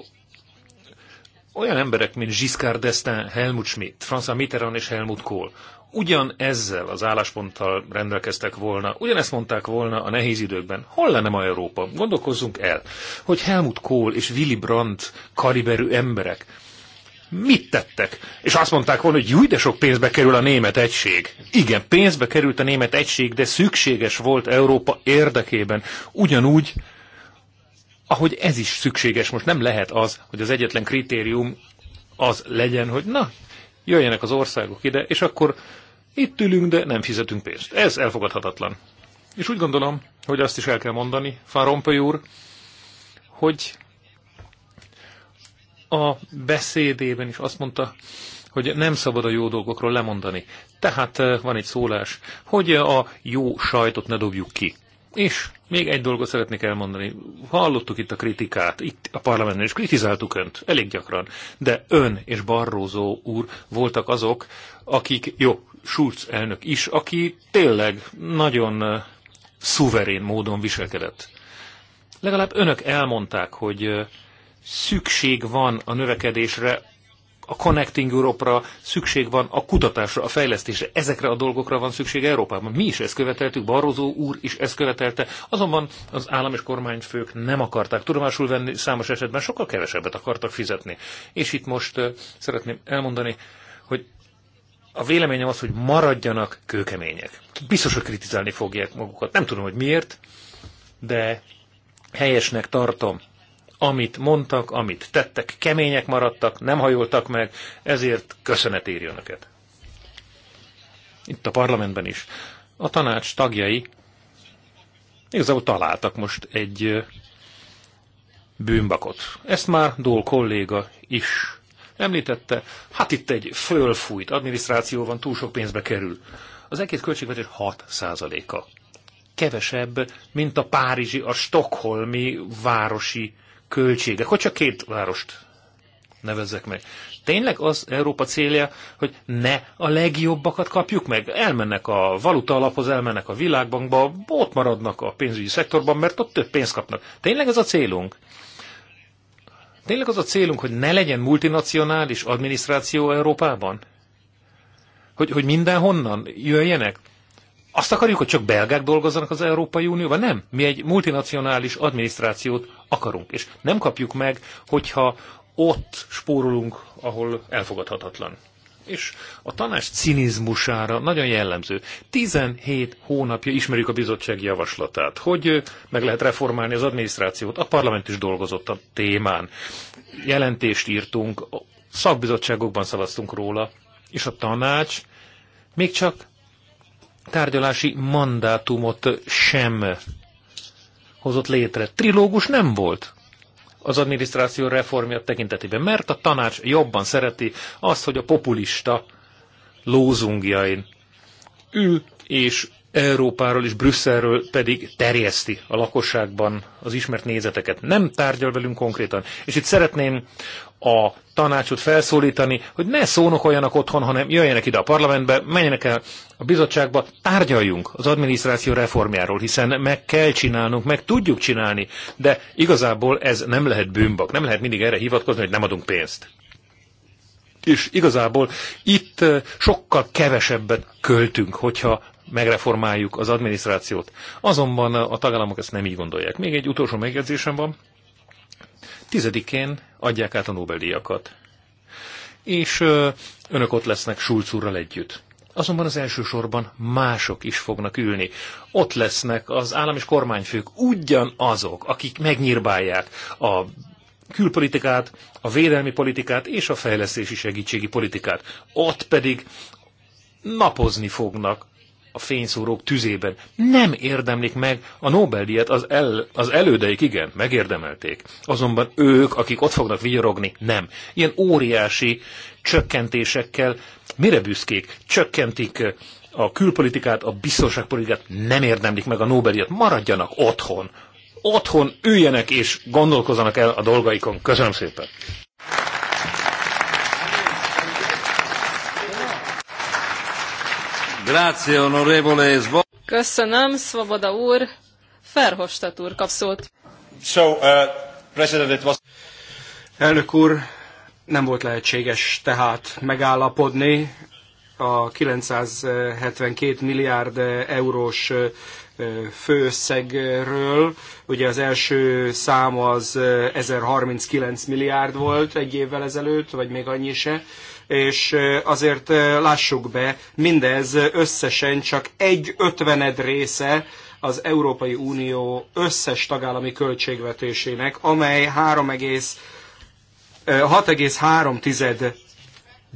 olyan emberek, mint Giscard d'Estaing, Helmut Schmidt, François Mitterrand és Helmut Kohl ugyan ezzel az állásponttal rendelkeztek volna, ugyanezt mondták volna a nehéz időkben. Hol lenne ma Európa? Gondolkozzunk el, hogy Helmut Kohl és Willy Brandt kaliberű emberek mit tettek? És azt mondták volna, hogy júj, de sok pénzbe kerül a német egység. Igen, pénzbe került a német egység, de szükséges volt Európa érdekében. Ugyanúgy, ahogy ez is szükséges, most nem lehet az, hogy az egyetlen kritérium az legyen, hogy na, jöjjenek az országok ide, és akkor itt ülünk, de nem fizetünk pénzt. Ez elfogadhatatlan. És úgy gondolom, hogy azt is el kell mondani, Van Rompuy úr, hogy a beszédében is azt mondta, hogy nem szabad a jó dolgokról lemondani. Tehát eh, van egy szólás, hogy eh, a jó sajtot ne dobjuk ki. És még egy dolgot szeretnék elmondani. Hallottuk itt a kritikát, itt a parlamentben, és kritizáltuk önt elég gyakran, de ön és Barrózó úr voltak azok, akik, jó, Schulz elnök is, aki tényleg nagyon szuverén módon viselkedett. Legalább önök elmondták, hogy szükség van a növekedésre a Connecting Europe-ra szükség van, a kutatásra, a fejlesztésre, ezekre a dolgokra van szükség Európában. Mi is ezt követeltük, Barroso úr is ezt követelte, azonban az állam és kormányfők nem akarták tudomásul venni, számos esetben sokkal kevesebbet akartak fizetni. És itt most szeretném elmondani, hogy a véleményem az, hogy maradjanak kőkemények. Biztos, hogy kritizálni fogják magukat. Nem tudom, hogy miért, de helyesnek tartom amit mondtak, amit tettek, kemények maradtak, nem hajoltak meg, ezért köszönet éri önöket. Itt a parlamentben is. A tanács tagjai igazából találtak most egy bűnbakot. Ezt már Dól kolléga is említette. Hát itt egy fölfújt adminisztráció van, túl sok pénzbe kerül. Az egész költségvetés 6%-a kevesebb, mint a párizsi, a stokholmi városi költségek, hogy csak két várost nevezzek meg. Tényleg az Európa célja, hogy ne a legjobbakat kapjuk meg. Elmennek a valuta alaphoz, elmennek a világbankba, ott maradnak a pénzügyi szektorban, mert ott több pénzt kapnak. Tényleg ez a célunk? Tényleg az a célunk, hogy ne legyen multinacionális adminisztráció Európában? Hogy, hogy mindenhonnan jöjjenek? Azt akarjuk, hogy csak belgák dolgozzanak az Európai Unióban? Nem. Mi egy multinacionális adminisztrációt akarunk, és nem kapjuk meg, hogyha ott spórolunk, ahol elfogadhatatlan. És a tanács cinizmusára nagyon jellemző. 17 hónapja ismerjük a bizottság javaslatát, hogy meg lehet reformálni az adminisztrációt. A parlament is dolgozott a témán. Jelentést írtunk, szakbizottságokban szavaztunk róla, és a tanács még csak tárgyalási mandátumot sem hozott létre. Trilógus nem volt az adminisztráció reformja tekintetében, mert a tanács jobban szereti azt, hogy a populista lózungjain ül és Európáról és Brüsszelről pedig terjeszti a lakosságban az ismert nézeteket. Nem tárgyal velünk konkrétan. És itt szeretném a tanácsot felszólítani, hogy ne szónokoljanak otthon, hanem jöjjenek ide a parlamentbe, menjenek el a bizottságba, tárgyaljunk az adminisztráció reformjáról, hiszen meg kell csinálnunk, meg tudjuk csinálni, de igazából ez nem lehet bűnbak, nem lehet mindig erre hivatkozni, hogy nem adunk pénzt és igazából itt eh, sokkal kevesebbet költünk, hogyha megreformáljuk az adminisztrációt. Azonban a tagállamok ezt nem így gondolják. Még egy utolsó megjegyzésem van. Tizedikén adják át a Nobel-díjakat. És ö, önök ott lesznek Schulz úrral együtt. Azonban az elsősorban mások is fognak ülni. Ott lesznek az állam és kormányfők, ugyanazok, akik megnyírbálják a külpolitikát, a védelmi politikát és a fejlesztési segítségi politikát. Ott pedig napozni fognak a fényszórók tüzében. Nem érdemlik meg a Nobel-díjat, az, el, az elődeik igen, megérdemelték. Azonban ők, akik ott fognak vigyorogni, nem. Ilyen óriási csökkentésekkel mire büszkék? Csökkentik eh, a külpolitikát, a biztonságpolitikát, nem érdemlik meg a Nobel-díjat. Maradjanak otthon. Otthon üljenek és gondolkozzanak el a dolgaikon. Köszönöm szépen! Köszönöm, Svoboda úr. Ferhostat úr kap szót. So, uh, President, it was... Elnök úr, nem volt lehetséges tehát megállapodni a 972 milliárd eurós főösszegről. Ugye az első szám az 1039 milliárd volt egy évvel ezelőtt, vagy még annyi se és azért lássuk be, mindez összesen csak egy ötvened része az Európai Unió összes tagállami költségvetésének, amely 6,3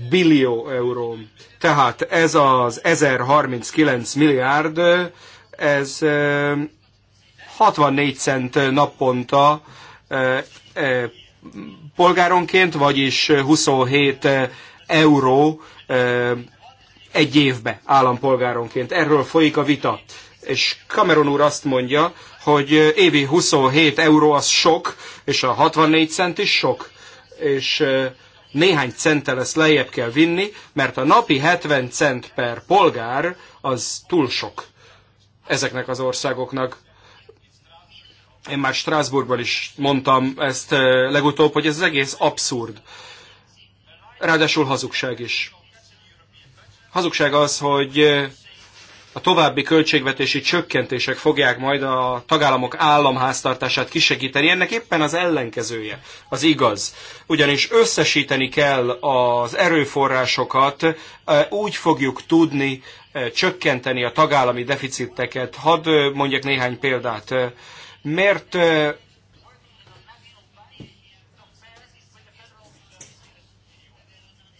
billió euró. Tehát ez az 1039 milliárd, ez 64 cent naponta polgáronként, vagyis 27 euró egy évbe állampolgáronként. Erről folyik a vita. És Cameron úr azt mondja, hogy évi 27 euró az sok, és a 64 cent is sok. És néhány centtel ezt lejjebb kell vinni, mert a napi 70 cent per polgár az túl sok ezeknek az országoknak. Én már Strasbourgban is mondtam ezt legutóbb, hogy ez az egész abszurd. Ráadásul hazugság is. Hazugság az, hogy a további költségvetési csökkentések fogják majd a tagállamok államháztartását kisegíteni. Ennek éppen az ellenkezője az igaz. Ugyanis összesíteni kell az erőforrásokat, úgy fogjuk tudni csökkenteni a tagállami deficiteket. Hadd mondjak néhány példát. Miért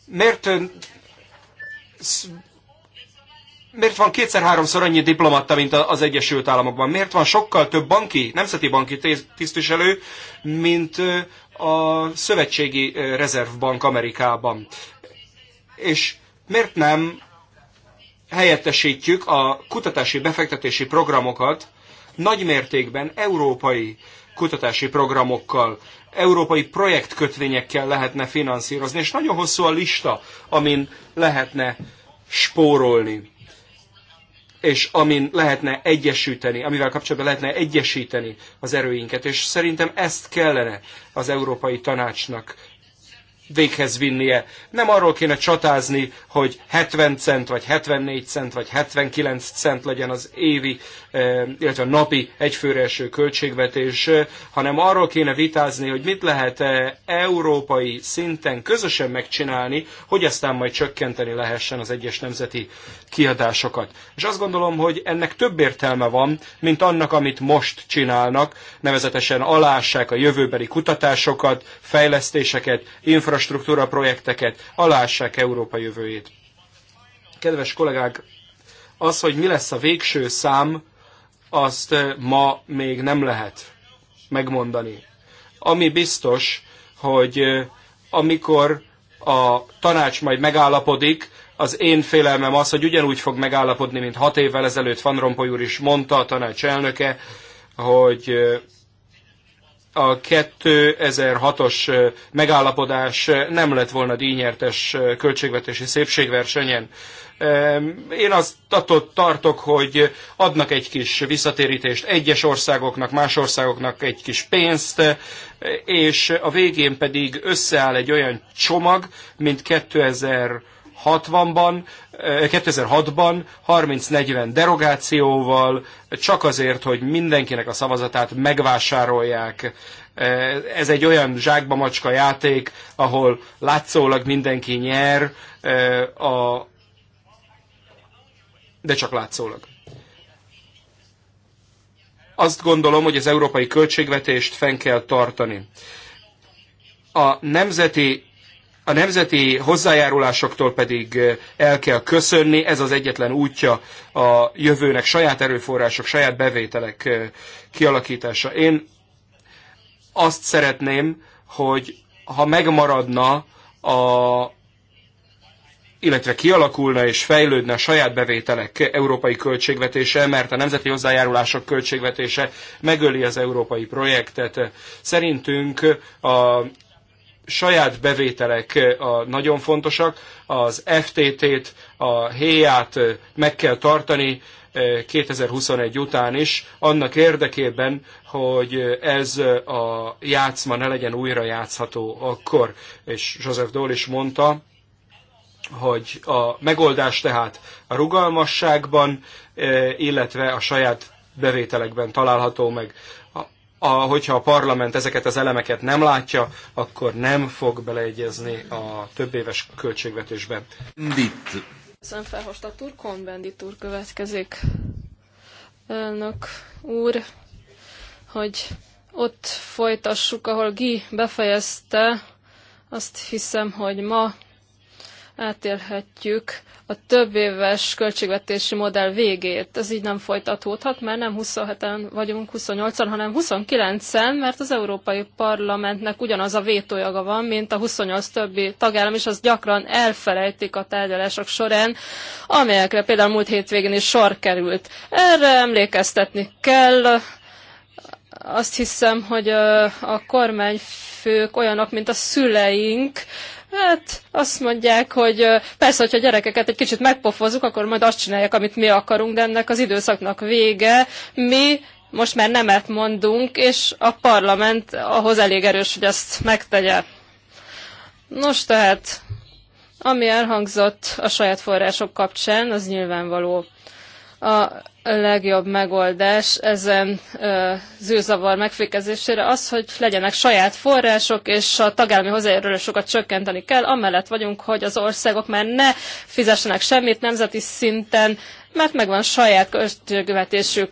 miért miért van kétszer-háromszor annyi diplomata, mint az Egyesült Államokban? Miért van sokkal több banki, nemzeti banki tisztviselő, mint a Szövetségi Rezervbank Amerikában? És miért nem helyettesítjük a kutatási befektetési programokat nagymértékben európai kutatási programokkal európai projektkötvényekkel lehetne finanszírozni, és nagyon hosszú a lista, amin lehetne spórolni, és amin lehetne egyesíteni, amivel kapcsolatban lehetne egyesíteni az erőinket, és szerintem ezt kellene az Európai Tanácsnak véghez vinnie. Nem arról kéne csatázni, hogy 70 cent, vagy 74 cent, vagy 79 cent legyen az évi, eh, illetve napi egyfőre eső költségvetés, eh, hanem arról kéne vitázni, hogy mit lehet -e európai szinten közösen megcsinálni, hogy aztán majd csökkenteni lehessen az egyes nemzeti kiadásokat. És azt gondolom, hogy ennek több értelme van, mint annak, amit most csinálnak, nevezetesen alássák a jövőbeli kutatásokat, fejlesztéseket, infrastruktúrát, infrastruktúra projekteket, alássák Európa jövőjét. Kedves kollégák, az, hogy mi lesz a végső szám, azt eh, ma még nem lehet megmondani. Ami biztos, hogy eh, amikor a tanács majd megállapodik, az én félelmem az, hogy ugyanúgy fog megállapodni, mint hat évvel ezelőtt Van Rompuy úr is mondta, a tanács elnöke, hogy eh, a 2006-os megállapodás nem lett volna díjnyertes költségvetési szépségversenyen. Én azt attól tartok, hogy adnak egy kis visszatérítést egyes országoknak, más országoknak egy kis pénzt, és a végén pedig összeáll egy olyan csomag, mint 2000 60-ban, 2006-ban 30-40 derogációval, csak azért, hogy mindenkinek a szavazatát megvásárolják. Eh, ez egy olyan zsákba macska játék, ahol látszólag mindenki nyer, eh, a... de csak látszólag. Azt gondolom, hogy az európai költségvetést fenn kell tartani. A nemzeti a nemzeti hozzájárulásoktól pedig eh, el kell köszönni, ez az egyetlen útja a jövőnek saját erőforrások, saját bevételek eh, kialakítása. Én azt szeretném, hogy ha megmaradna a illetve kialakulna és fejlődne a saját bevételek európai költségvetése, mert a nemzeti hozzájárulások költségvetése megöli az európai projektet. Szerintünk a saját bevételek eh, a nagyon fontosak, az FTT-t, a héját eh, meg kell tartani 2021 eh, után is, annak érdekében, hogy ez a játszma ne legyen újra játszható akkor, és Joseph Dole is mondta, hogy a megoldás tehát a rugalmasságban, illetve a saját bevételekben található meg a, hogyha a parlament ezeket az elemeket nem látja, akkor nem fog beleegyezni a több éves költségvetésbe. Dit. Köszönöm felhostat úr, Konbendit következik. Önök úr, hogy ott folytassuk, ahol Gi befejezte, azt hiszem, hogy ma átélhetjük a több éves költségvetési modell végét. Ez így nem folytatódhat, mert nem 27-en vagyunk 28-an, hanem 29-en, mert az Európai Parlamentnek ugyanaz a vétójaga van, mint a 28 többi tagállam, és az gyakran elfelejtik a tárgyalások során, amelyekre például múlt hétvégén is sor került. Erre emlékeztetni kell, azt hiszem, hogy a kormányfők olyanok, mint a szüleink, Hát azt mondják, hogy persze, hogyha gyerekeket egy kicsit megpofozunk, akkor majd azt csinálják, amit mi akarunk, de ennek az időszaknak vége. Mi most már nemet mondunk, és a parlament ahhoz elég erős, hogy ezt megtegye. Nos, tehát, ami elhangzott a saját források kapcsán, az nyilvánvaló a legjobb megoldás ezen ö, zűrzavar megfékezésére az, hogy legyenek saját források, és a tagállami hozzájárulásokat csökkenteni kell. Amellett vagyunk, hogy az országok már ne fizessenek semmit nemzeti szinten, mert megvan saját költségvetésük,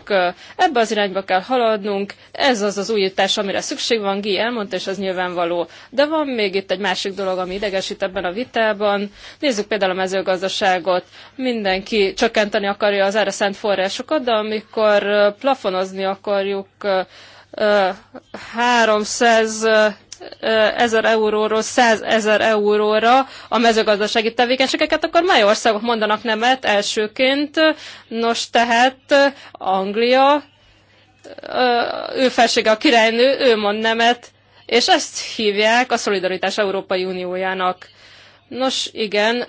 ebbe az irányba kell haladnunk, ez az az újítás, amire szükség van, Gi elmondta, és ez nyilvánvaló. De van még itt egy másik dolog, ami idegesít ebben a vitában. Nézzük például a mezőgazdaságot. Mindenki csökkenteni akarja az erre szent forrásokat, de amikor plafonozni akarjuk 300 ezer euróról 100 ezer euróra a mezőgazdasági tevékenységeket, akkor mely országok mondanak nemet elsőként? Nos, tehát Anglia, ő felsége a királynő, ő mond nemet, és ezt hívják a Szolidaritás Európai Uniójának. Nos, igen,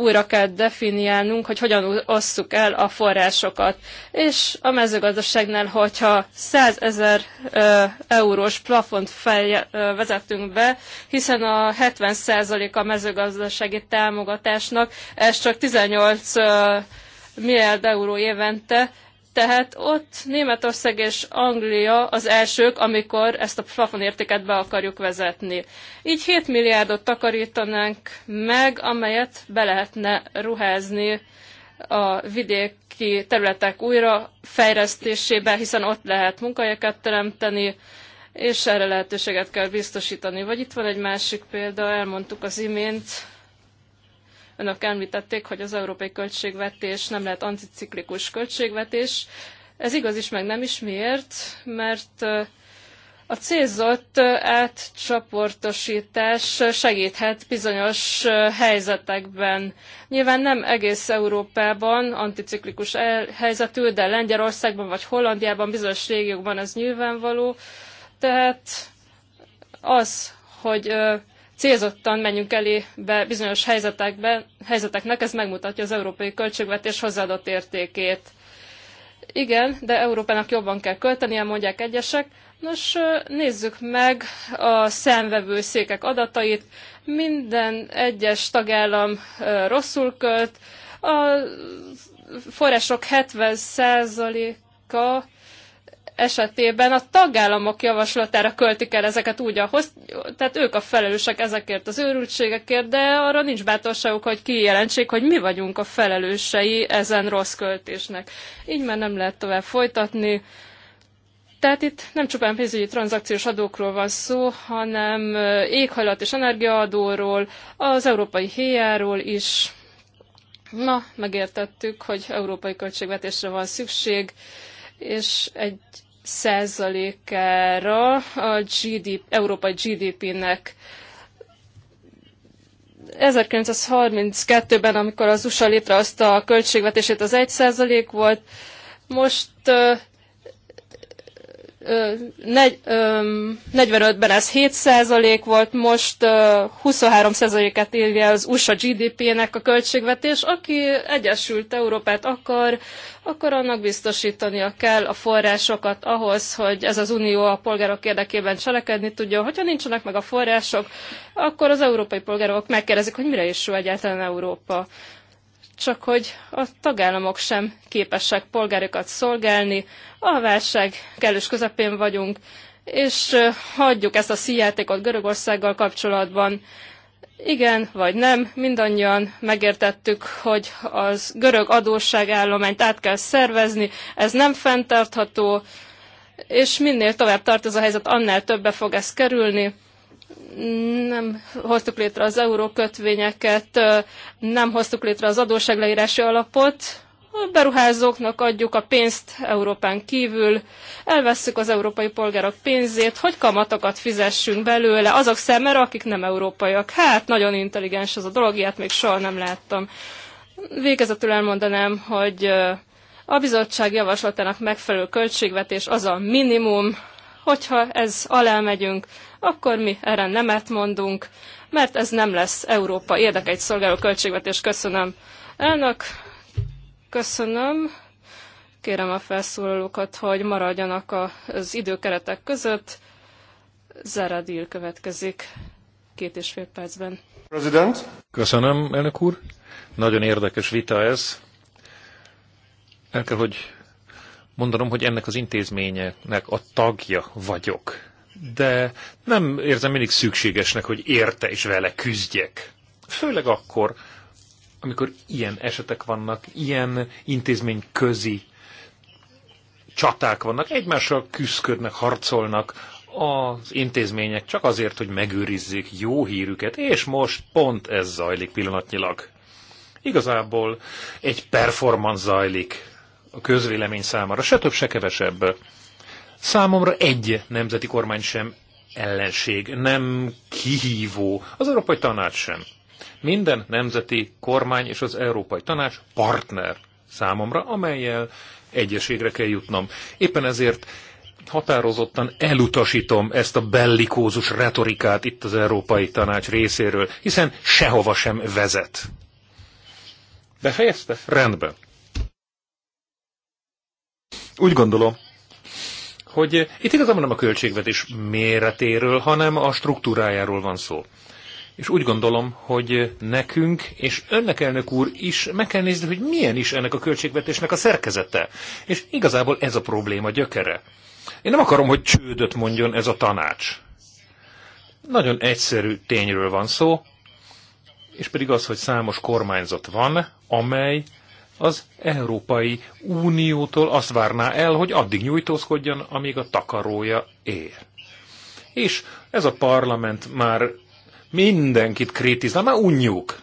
újra kell definiálnunk, hogy hogyan osszuk el a forrásokat. És a mezőgazdaságnál, hogyha 100 ezer eurós plafont fel, vezetünk be, hiszen a 70% a mezőgazdasági támogatásnak, ez csak 18 milliárd euró évente, tehát ott Németország és Anglia az elsők, amikor ezt a plafonértéket be akarjuk vezetni. Így 7 milliárdot takarítanánk meg, amelyet be lehetne ruházni a vidéki területek újra fejlesztésébe, hiszen ott lehet munkahelyeket teremteni, és erre lehetőséget kell biztosítani. Vagy itt van egy másik példa, elmondtuk az imént, Önök említették, hogy az európai költségvetés nem lehet anticiklikus költségvetés. Ez igaz is, meg nem is. Miért? Mert a célzott átcsoportosítás segíthet bizonyos helyzetekben. Nyilván nem egész Európában anticiklikus eh, helyzetű, de Lengyelországban vagy Hollandiában, bizonyos régiókban ez nyilvánvaló. Tehát az, hogy célzottan menjünk be bizonyos helyzetekben, helyzeteknek, ez megmutatja az európai költségvetés hozzáadott értékét. Igen, de Európának jobban kell költenie, mondják egyesek. Nos, nézzük meg a számvevő székek adatait. Minden egyes tagállam rosszul költ. A források 70%-a esetében a tagállamok javaslatára költik el ezeket úgy, ahhoz, tehát ők a felelősek ezekért az őrültségekért, de arra nincs bátorságuk, hogy kijelentsék, hogy mi vagyunk a felelősei ezen rossz költésnek. Így már nem lehet tovább folytatni. Tehát itt nem csupán pénzügyi tranzakciós adókról van szó, hanem éghajlat és energiaadóról, az európai héjáról is. Na, megértettük, hogy európai költségvetésre van szükség, és egy százalékára a GDP, európai GDP-nek. 1932-ben, amikor az USA létrehozta a költségvetését, az 1 százalék volt, most 45-ben ez 7% volt, most 23 százaléket írja az USA GDP-nek a költségvetés. Aki Egyesült Európát akar, akkor annak biztosítania kell a forrásokat ahhoz, hogy ez az unió a polgárok érdekében cselekedni tudja. Hogyha nincsenek meg a források, akkor az európai polgárok megkérdezik, hogy mire is jó egyáltalán Európa csak hogy a tagállamok sem képesek polgárokat szolgálni, a válság kellős közepén vagyunk, és hagyjuk ezt a szíjátékot Görögországgal kapcsolatban. Igen vagy nem, mindannyian megértettük, hogy az görög adósságállományt át kell szervezni, ez nem fenntartható, és minél tovább tart ez a helyzet, annál többe fog ez kerülni nem hoztuk létre az eurókötvényeket, nem hoztuk létre az adósságleírási alapot, a beruházóknak adjuk a pénzt Európán kívül, elvesszük az európai polgárok pénzét, hogy kamatokat fizessünk belőle azok számára, akik nem európaiak. Hát, nagyon intelligens az a dolog, ilyet még soha nem láttam. Végezetül elmondanám, hogy a bizottság javaslatának megfelelő költségvetés az a minimum, hogyha ez alá megyünk, akkor mi erre nemet mondunk, mert ez nem lesz Európa érdekeit szolgáló költségvetés. Köszönöm. Elnök, köszönöm. Kérem a felszólalókat, hogy maradjanak az időkeretek között. Zeradil következik két és fél percben. President. Köszönöm, elnök úr. Nagyon érdekes vita ez. El kell, hogy mondanom, hogy ennek az intézménynek a tagja vagyok. De nem érzem mindig szükségesnek, hogy érte és vele küzdjek. Főleg akkor, amikor ilyen esetek vannak, ilyen intézmény közi csaták vannak, egymással küzdködnek, harcolnak az intézmények csak azért, hogy megőrizzék jó hírüket, és most pont ez zajlik pillanatnyilag. Igazából egy performance zajlik a közvélemény számára, se több, se kevesebb. Számomra egy nemzeti kormány sem ellenség, nem kihívó, az Európai Tanács sem. Minden nemzeti kormány és az Európai Tanács partner számomra, amelyel egyeségre kell jutnom. Éppen ezért határozottan elutasítom ezt a bellikózus retorikát itt az Európai Tanács részéről, hiszen sehova sem vezet. Befejezte? Rendben. Úgy gondolom, hogy eh, itt igazából nem a költségvetés méretéről, hanem a struktúrájáról van szó. És úgy gondolom, hogy eh, nekünk és önnek elnök úr is meg kell nézni, hogy milyen is ennek a költségvetésnek a szerkezete. És igazából ez a probléma gyökere. Én nem akarom, hogy csődöt mondjon ez a tanács. Nagyon egyszerű tényről van szó, és pedig az, hogy számos kormányzat van, amely az Európai Uniótól azt várná el, hogy addig nyújtózkodjon, amíg a takarója ér. És ez a parlament már mindenkit kritizál, már unjuk,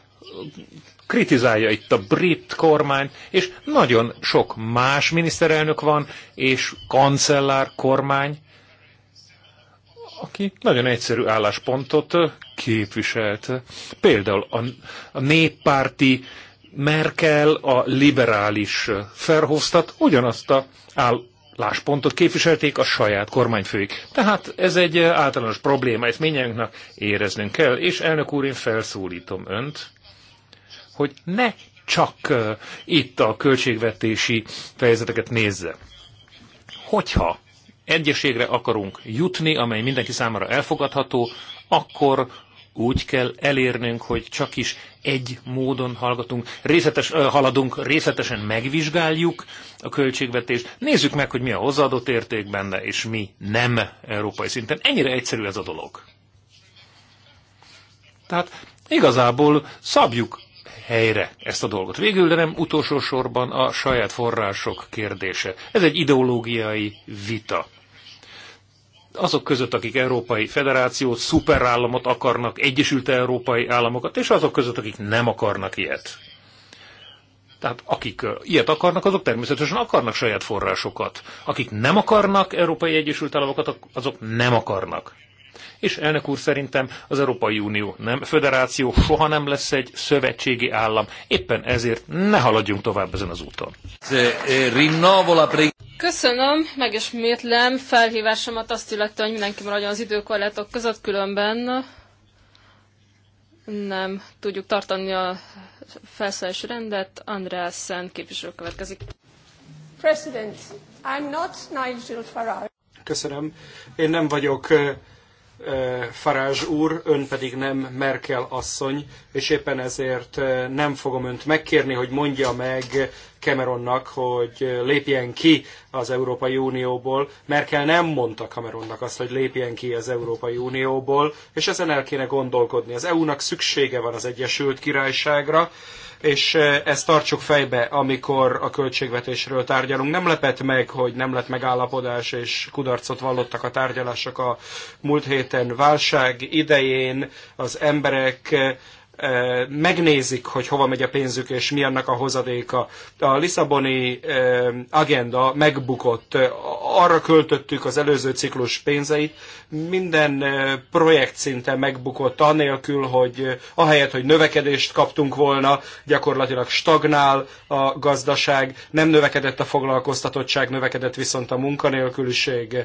kritizálja itt a brit kormány és nagyon sok más miniszterelnök van, és kancellár kormány, aki nagyon egyszerű álláspontot képviselt. Például a, a néppárti Merkel, a liberális Ferhofstadt ugyanazt a álláspontot képviselték a saját kormányfőik. Tehát ez egy általános probléma, ezt mindjárt éreznünk kell, és elnök úr, én felszólítom önt, hogy ne csak itt a költségvetési fejezeteket nézze. Hogyha egyeségre akarunk jutni, amely mindenki számára elfogadható, akkor úgy kell elérnünk, hogy csak is egy módon hallgatunk, részletes, haladunk, részletesen megvizsgáljuk a költségvetést, nézzük meg, hogy mi a hozzáadott érték benne, és mi nem európai szinten. Ennyire egyszerű ez a dolog. Tehát igazából szabjuk helyre ezt a dolgot. Végül, de nem utolsó sorban a saját források kérdése. Ez egy ideológiai vita azok között, akik Európai Federációt, szuperállamot akarnak, Egyesült Európai Államokat, és azok között, akik nem akarnak ilyet. Tehát akik ilyet akarnak, azok természetesen akarnak saját forrásokat. Akik nem akarnak Európai Egyesült Államokat, azok nem akarnak. És elnök úr szerintem az Európai Unió nem föderáció, soha nem lesz egy szövetségi állam. Éppen ezért ne haladjunk tovább ezen az úton. Eh, Köszönöm, meg is mértlem felhívásomat azt illetve, hogy mindenki maradjon az időkorlátok között, különben nem tudjuk tartani a felszállási rendet. András Szen képviselő következik. President, I'm not Nigel Farage. Köszönöm. Én nem vagyok eh, Eh, Farázs úr, ön pedig nem Merkel asszony, és éppen ezért eh, nem fogom önt megkérni, hogy mondja meg Cameronnak, hogy eh, lépjen ki az Európai Unióból. Merkel nem mondta Cameronnak azt, hogy lépjen ki az Európai Unióból, és ezen el kéne gondolkodni. Az EU-nak szüksége van az Egyesült Királyságra, és ezt tartsuk fejbe, amikor a költségvetésről tárgyalunk. Nem lepett meg, hogy nem lett megállapodás, és kudarcot vallottak a tárgyalások a múlt héten válság idején. Az emberek megnézik, hogy hova megy a pénzük, és mi annak a hozadéka. A Lisszaboni agenda megbukott, arra költöttük az előző ciklus pénzeit, minden projekt szinte megbukott, anélkül, hogy ahelyett, hogy növekedést kaptunk volna, gyakorlatilag stagnál a gazdaság, nem növekedett a foglalkoztatottság, növekedett viszont a munkanélküliség.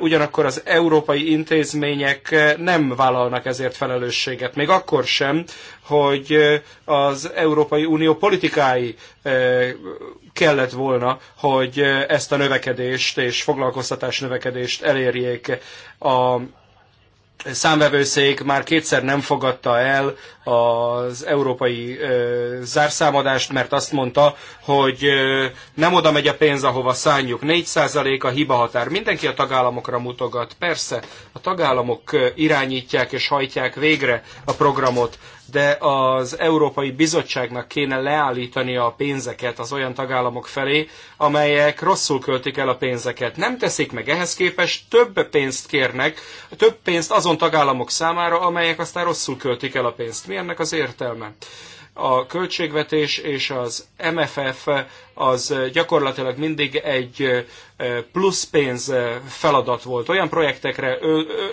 Ugyanakkor az európai intézmények nem vállalnak ezért felelősséget, még akkor sem, hogy az Európai Unió politikái kellett volna, hogy ezt a növekedést és foglalkoztatás növekedést elérjék a számvevőszék már kétszer nem fogadta el az európai ö, zárszámadást, mert azt mondta, hogy ö, nem oda megy a pénz, ahova szánjuk. 4% a hiba határ. Mindenki a tagállamokra mutogat. Persze, a tagállamok irányítják és hajtják végre a programot, de az Európai Bizottságnak kéne leállítani a pénzeket az olyan tagállamok felé, amelyek rosszul költik el a pénzeket. Nem teszik meg, ehhez képest több pénzt kérnek, több pénzt azon azon tagállamok számára, amelyek aztán rosszul költik el a pénzt. Mi ennek az értelme? A költségvetés és az MFF az gyakorlatilag mindig egy plusz pénz feladat volt. Olyan projektekre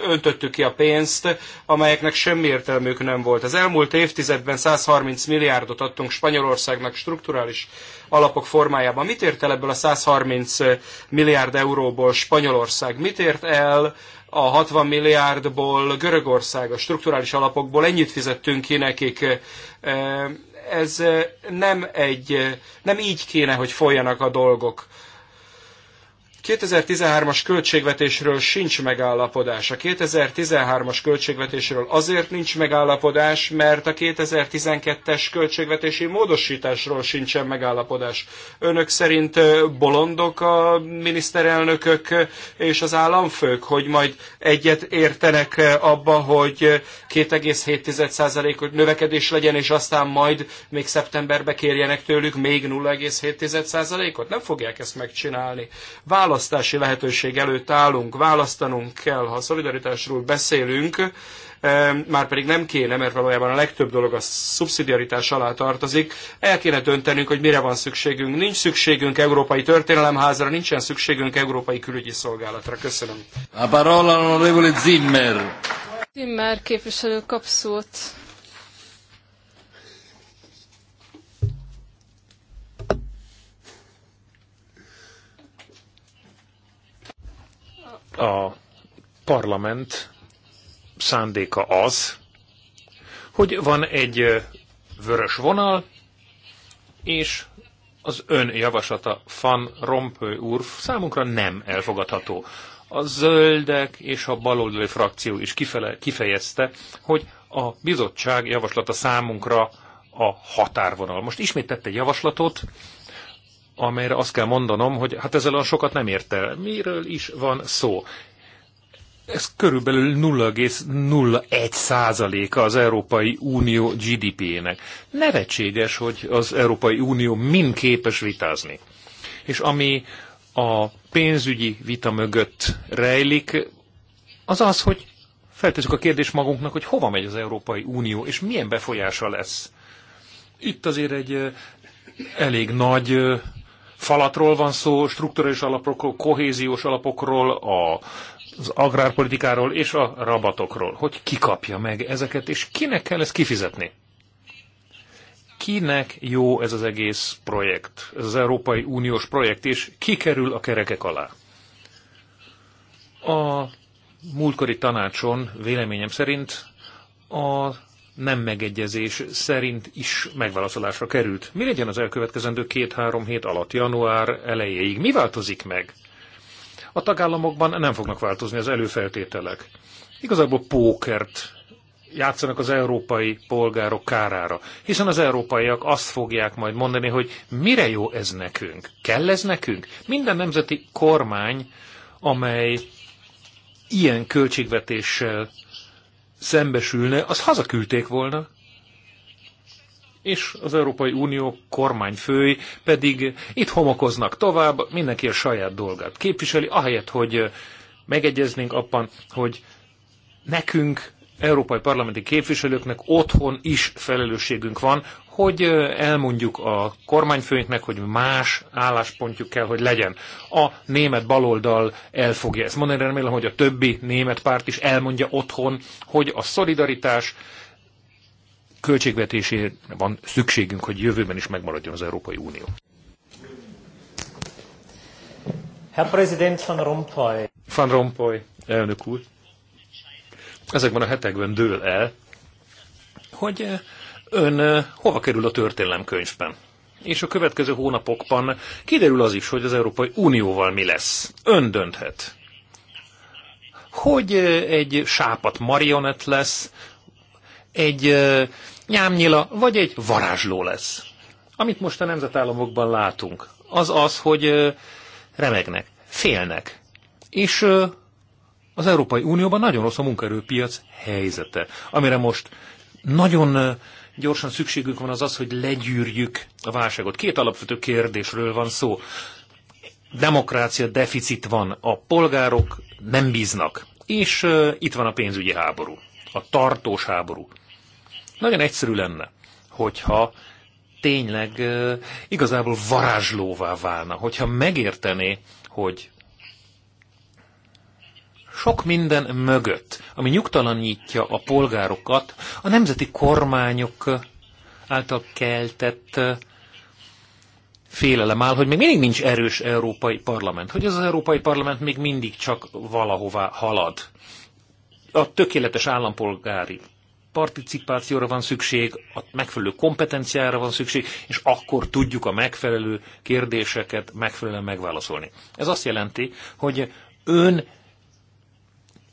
öntöttük ki a pénzt, amelyeknek semmi értelmük nem volt. Az elmúlt évtizedben 130 milliárdot adtunk Spanyolországnak strukturális alapok formájában. Mit ért el ebből a 130 milliárd euróból Spanyolország? Mit ért el a 60 milliárdból Görögország, a strukturális alapokból ennyit fizettünk ki nekik. Ez nem, egy, nem így kéne, hogy folyjanak a dolgok. 2013-as költségvetésről sincs megállapodás. A 2013-as költségvetésről azért nincs megállapodás, mert a 2012-es költségvetési módosításról sincsen megállapodás. Önök szerint bolondok a miniszterelnökök és az államfők, hogy majd egyet értenek abba, hogy 2,7%-os növekedés legyen, és aztán majd még szeptemberbe kérjenek tőlük még 0,7%-ot? Nem fogják ezt megcsinálni. Válasz választási lehetőség előtt állunk, választanunk kell, ha a szolidaritásról beszélünk, eh, már pedig nem kéne, mert valójában a legtöbb dolog a szubszidiaritás alá tartozik, el kéne döntenünk, hogy mire van szükségünk. Nincs szükségünk Európai Történelemházra, nincsen szükségünk Európai Külügyi Szolgálatra. Köszönöm. A parola Zimmer. Zimmer képviselő kap szót. a parlament szándéka az, hogy van egy vörös vonal, és az ön javaslata Van Rompuy úr számunkra nem elfogadható. A zöldek és a baloldali frakció is kifele, kifejezte, hogy a bizottság javaslata számunkra a határvonal. Most ismét tett egy javaslatot, amelyre azt kell mondanom, hogy hát ezzel a sokat nem ért el. Miről is van szó? Ez körülbelül 0,01 százaléka az Európai Unió gdp nek Nevetséges, hogy az Európai Unió mind képes vitázni. És ami a pénzügyi vita mögött rejlik, az az, hogy feltesszük a kérdést magunknak, hogy hova megy az Európai Unió, és milyen befolyása lesz. Itt azért egy elég nagy falatról van szó, struktúrális alapokról, kohéziós alapokról, a, az agrárpolitikáról és a rabatokról. Hogy kikapja meg ezeket, és kinek kell ezt kifizetni? Kinek jó ez az egész projekt, ez az Európai Uniós projekt, és kikerül a kerekek alá? A múltkori tanácson véleményem szerint a nem megegyezés szerint is megválaszolásra került. Mi legyen az elkövetkezendő két-három hét alatt, január elejéig? Mi változik meg? A tagállamokban nem fognak változni az előfeltételek. Igazából pókert játszanak az európai polgárok kárára. Hiszen az európaiak azt fogják majd mondani, hogy mire jó ez nekünk? Kell ez nekünk? Minden nemzeti kormány, amely ilyen költségvetéssel szembesülne, azt hazaküldték volna. És az Európai Unió kormányfői pedig itt homokoznak tovább, mindenki a saját dolgát képviseli, ahelyett, hogy megegyeznénk abban, hogy nekünk, európai parlamenti képviselőknek otthon is felelősségünk van, hogy elmondjuk a kormányfőnknek, hogy más álláspontjuk kell, hogy legyen. A német baloldal el fogja ezt mondani, remélem, hogy a többi német párt is elmondja otthon, hogy a szolidaritás költségvetésére van szükségünk, hogy jövőben is megmaradjon az Európai Unió. Herr Präsident van Rompuy. Van Rompuy, elnök úr. Ezekben a hetekben dől el, hogy Ön hova kerül a történelemkönyvben? És a következő hónapokban kiderül az is, hogy az Európai Unióval mi lesz. Ön dönthet. Hogy egy sápat marionett lesz, egy nyámnyila, vagy egy varázsló lesz. Amit most a nemzetállamokban látunk, az az, hogy remegnek, félnek. És az Európai Unióban nagyon rossz a munkaerőpiac helyzete, amire most nagyon gyorsan szükségünk van az az, hogy legyűrjük a válságot. Két alapvető kérdésről van szó. Demokrácia deficit van, a polgárok nem bíznak, és uh, itt van a pénzügyi háború, a tartós háború. Nagyon egyszerű lenne, hogyha tényleg uh, igazából varázslóvá válna, hogyha megértené, hogy sok minden mögött, ami nyugtalanítja a polgárokat, a nemzeti kormányok által keltett félelem áll, hogy még mindig nincs erős európai parlament, hogy az, európai parlament még mindig csak valahová halad. A tökéletes állampolgári participációra van szükség, a megfelelő kompetenciára van szükség, és akkor tudjuk a megfelelő kérdéseket megfelelően megválaszolni. Ez azt jelenti, hogy ön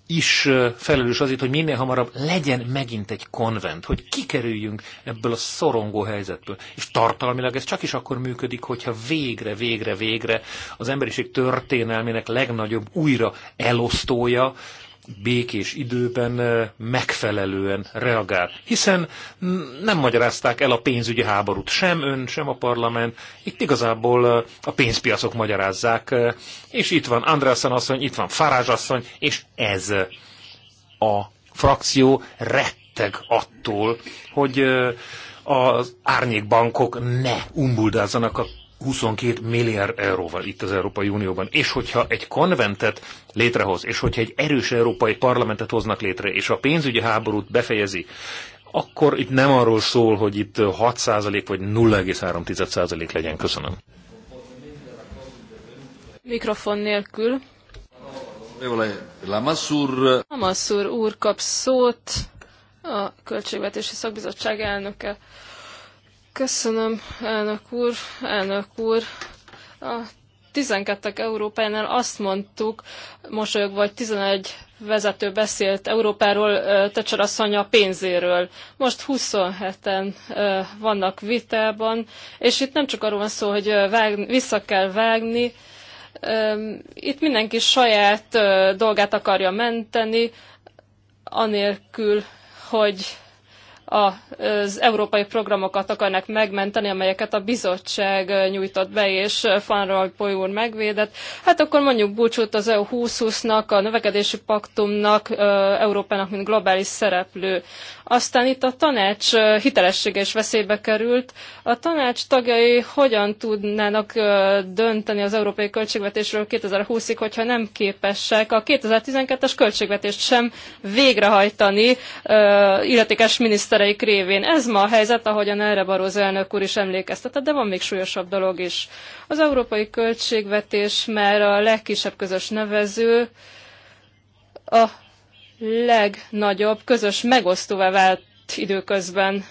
is felelős azért, hogy minél hamarabb legyen megint egy konvent, hogy kikerüljünk ebből a szorongó helyzetből. És tartalmilag ez csak is akkor működik, hogyha végre, végre, végre az emberiség történelmének legnagyobb újra elosztója békés időben megfelelően reagál. Hiszen nem magyarázták el a pénzügyi háborút sem ön, sem a parlament. Itt igazából a pénzpiacok magyarázzák. És itt van Andrásan asszony, itt van Farázs asszony, és ez a frakció retteg attól, hogy az árnyékbankok ne umbuldázzanak a 22 milliárd euróval itt az Európai Unióban. És hogyha egy konventet létrehoz, és hogyha egy erős európai parlamentet hoznak létre, és a pénzügyi háborút befejezi, akkor itt nem arról szól, hogy itt 6% vagy 0,3% legyen. Köszönöm. Mikrofon nélkül. Lamassur. úr kap szót, a Költségvetési Szakbizottság elnöke. Köszönöm, elnök úr, elnök úr. A 12 Európánál azt mondtuk, mosolyogva, hogy 11 vezető beszélt Európáról, Tecser asszony a pénzéről. Most 27-en vannak vitában, és itt nem csak arról van szó, hogy vágni, vissza kell vágni, itt mindenki saját dolgát akarja menteni, anélkül, hogy az európai programokat akarnak megmenteni, amelyeket a bizottság nyújtott be, és Van Rompuy úr megvédett, hát akkor mondjuk búcsút az EU 2020-nak, a növekedési paktumnak, Európának, mint globális szereplő. Aztán itt a tanács hitelessége is veszélybe került. A tanács tagjai hogyan tudnának dönteni az európai költségvetésről 2020-ig, hogyha nem képesek a 2012-es költségvetést sem végrehajtani illetékes minisztereik révén. Ez ma a helyzet, ahogyan erre Barroso elnök úr is emlékeztetett, de van még súlyosabb dolog is. Az európai költségvetés már a legkisebb közös nevező, a legnagyobb közös megosztóvá vált időközben.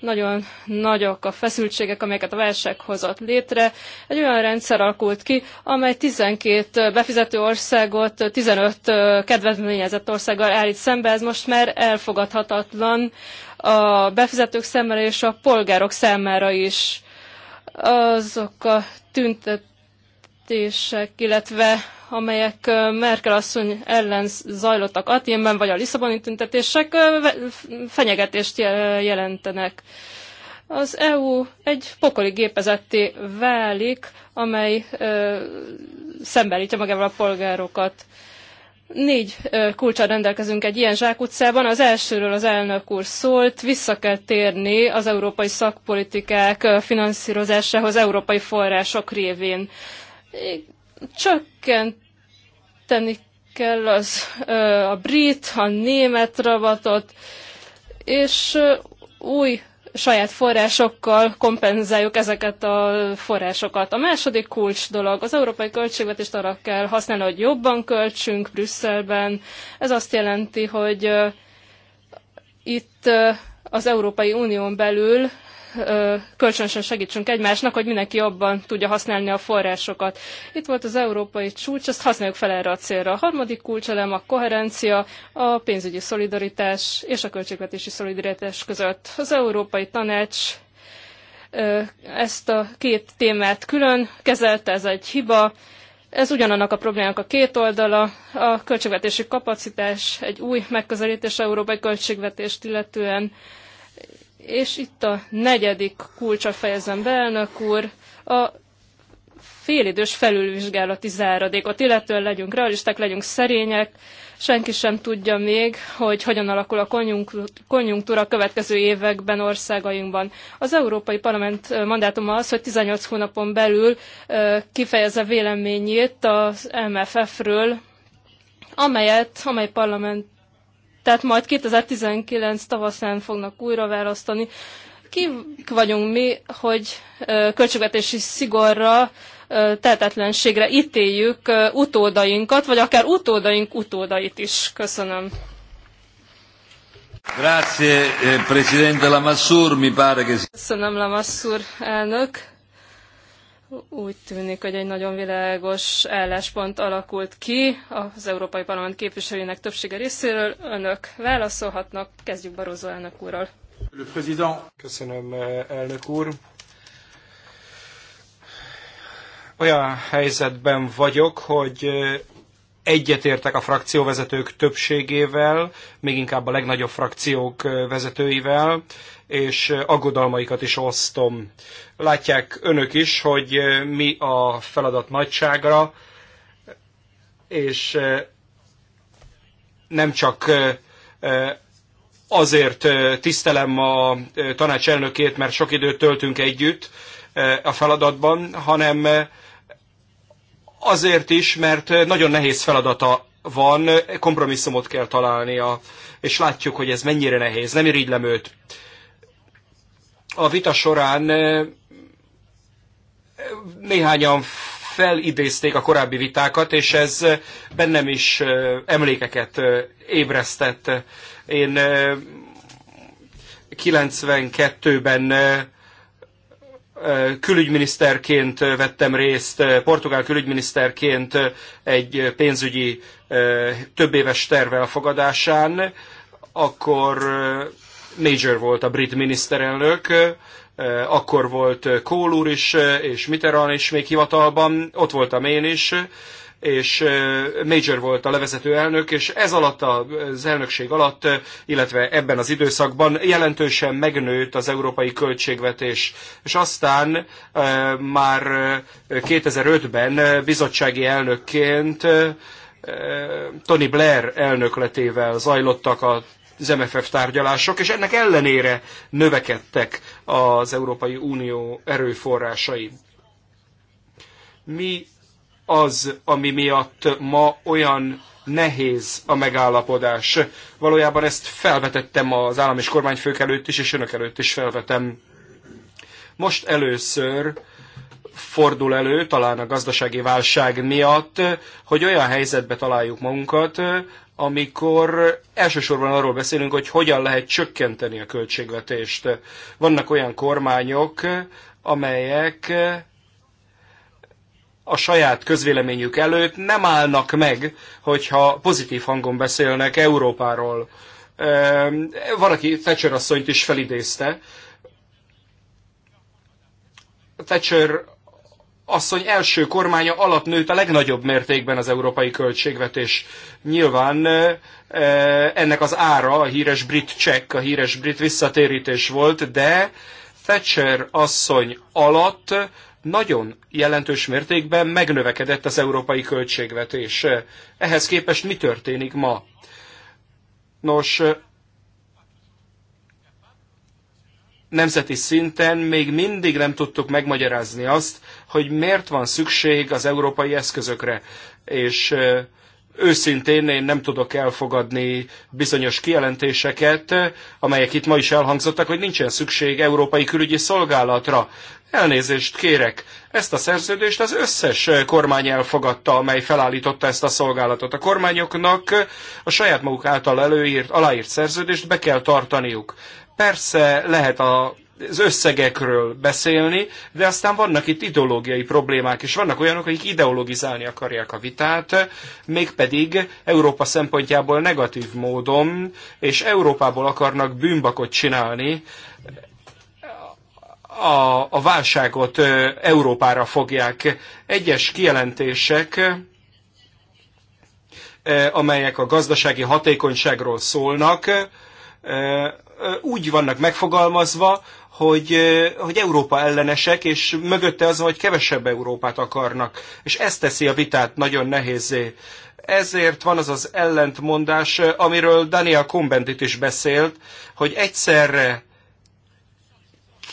Nagyon nagyok a feszültségek, amelyeket a válság hozott létre. Egy olyan rendszer alakult ki, amely 12 befizető országot 15 kedvezményezett országgal állít szembe. Ez most már elfogadhatatlan a befizetők számára és a polgárok számára is. Azok a tüntetések, illetve amelyek Merkel asszony ellen zajlottak Aténben, vagy a Lisszaboni tüntetések fenyegetést jelentenek. Az EU egy pokoli gépezetté válik, amely ö, szembeállítja magával a polgárokat. Négy kulcsal rendelkezünk egy ilyen zsákutcában. Az elsőről az elnök úr szólt, vissza kell térni az európai szakpolitikák finanszírozásához európai források révén Csökkenteni kell az, a brit, a német rabatot, és új saját forrásokkal kompenzáljuk ezeket a forrásokat. A második kulcs dolog, az európai költségvetést arra kell használni, hogy jobban költsünk Brüsszelben. Ez azt jelenti, hogy itt az Európai Unión belül kölcsönösen segítsünk egymásnak, hogy mindenki jobban tudja használni a forrásokat. Itt volt az európai csúcs, ezt használjuk fel erre a célra. A harmadik kulcselem a koherencia, a pénzügyi szolidaritás és a költségvetési szolidaritás között. Az Európai Tanács ezt a két témát külön kezelte, ez egy hiba. Ez ugyanannak a problémának a két oldala, a költségvetési kapacitás, egy új megközelítés európai költségvetést illetően, és itt a negyedik kulcsa fejezem be, elnök úr, a félidős felülvizsgálati záradékot, illetően legyünk realisták, legyünk szerények, senki sem tudja még, hogy hogyan alakul a konjunktúra a következő években országainkban. Az Európai Parlament mandátuma az, hogy 18 hónapon belül kifejezze véleményét az MFF-ről, amelyet, amely parlament tehát majd 2019 tavaszán fognak újra választani. Kik vagyunk mi, hogy költségvetési szigorra, tehetetlenségre ítéljük utódainkat, vagy akár utódaink utódait is. Köszönöm. Grazie, eh, Presidente Lamassur, mi pare che... Köszönöm, Lamassur elnök. Úgy tűnik, hogy egy nagyon világos álláspont alakult ki az Európai Parlament képviselőinek többsége részéről. Önök válaszolhatnak. Kezdjük Barozó elnök úrral. Köszönöm, elnök úr. Olyan helyzetben vagyok, hogy egyetértek a frakcióvezetők többségével, még inkább a legnagyobb frakciók vezetőivel, és aggodalmaikat is osztom. Látják önök is, hogy mi a feladat nagyságra, és nem csak azért tisztelem a tanács elnökét, mert sok időt töltünk együtt a feladatban, hanem Azért is, mert nagyon nehéz feladata van, kompromisszumot kell találnia, és látjuk, hogy ez mennyire nehéz, nem irigylem őt. A vita során néhányan felidézték a korábbi vitákat, és ez bennem is emlékeket ébresztett. Én 92-ben külügyminiszterként vettem részt, portugál külügyminiszterként egy pénzügyi többéves terv elfogadásán, akkor Major volt a brit miniszterelnök, akkor volt Kohl úr is, és Mitterrand is még hivatalban, ott voltam én is, és Major volt a levezető elnök, és ez alatt az elnökség alatt, illetve ebben az időszakban jelentősen megnőtt az európai költségvetés. És aztán már 2005-ben bizottsági elnökként Tony Blair elnökletével zajlottak a az MFF tárgyalások, és ennek ellenére növekedtek az Európai Unió erőforrásai. Mi az, ami miatt ma olyan nehéz a megállapodás. Valójában ezt felvetettem az állam és kormányfők előtt is, és önök előtt is felvetem. Most először fordul elő, talán a gazdasági válság miatt, hogy olyan helyzetbe találjuk magunkat, amikor elsősorban arról beszélünk, hogy hogyan lehet csökkenteni a költségvetést. Vannak olyan kormányok, amelyek a saját közvéleményük előtt nem állnak meg, hogyha pozitív hangon beszélnek Európáról. Van, aki Thatcher asszonyt is felidézte. Thatcher asszony első kormánya alatt nőtt a legnagyobb mértékben az európai költségvetés. Nyilván ennek az ára a híres brit csekk, a híres brit visszatérítés volt, de Thatcher asszony alatt nagyon jelentős mértékben megnövekedett az európai költségvetés. Ehhez képest mi történik ma? Nos, nemzeti szinten még mindig nem tudtuk megmagyarázni azt, hogy miért van szükség az európai eszközökre. És őszintén én nem tudok elfogadni bizonyos kijelentéseket, amelyek itt ma is elhangzottak, hogy nincsen szükség európai külügyi szolgálatra. Elnézést kérek, ezt a szerződést az összes kormány elfogadta, amely felállította ezt a szolgálatot. A kormányoknak a saját maguk által előírt, aláírt szerződést be kell tartaniuk. Persze lehet a az összegekről beszélni, de aztán vannak itt ideológiai problémák, és vannak olyanok, akik ideologizálni akarják a vitát, mégpedig Európa szempontjából negatív módon, és Európából akarnak bűnbakot csinálni a, a válságot Európára fogják. Egyes kijelentések, amelyek a gazdasági hatékonyságról szólnak, úgy vannak megfogalmazva, hogy, hogy Európa ellenesek, és mögötte az, hogy kevesebb Európát akarnak. És ez teszi a vitát nagyon nehézé. Ezért van az az ellentmondás, amiről Daniel Kumbendit is beszélt, hogy egyszerre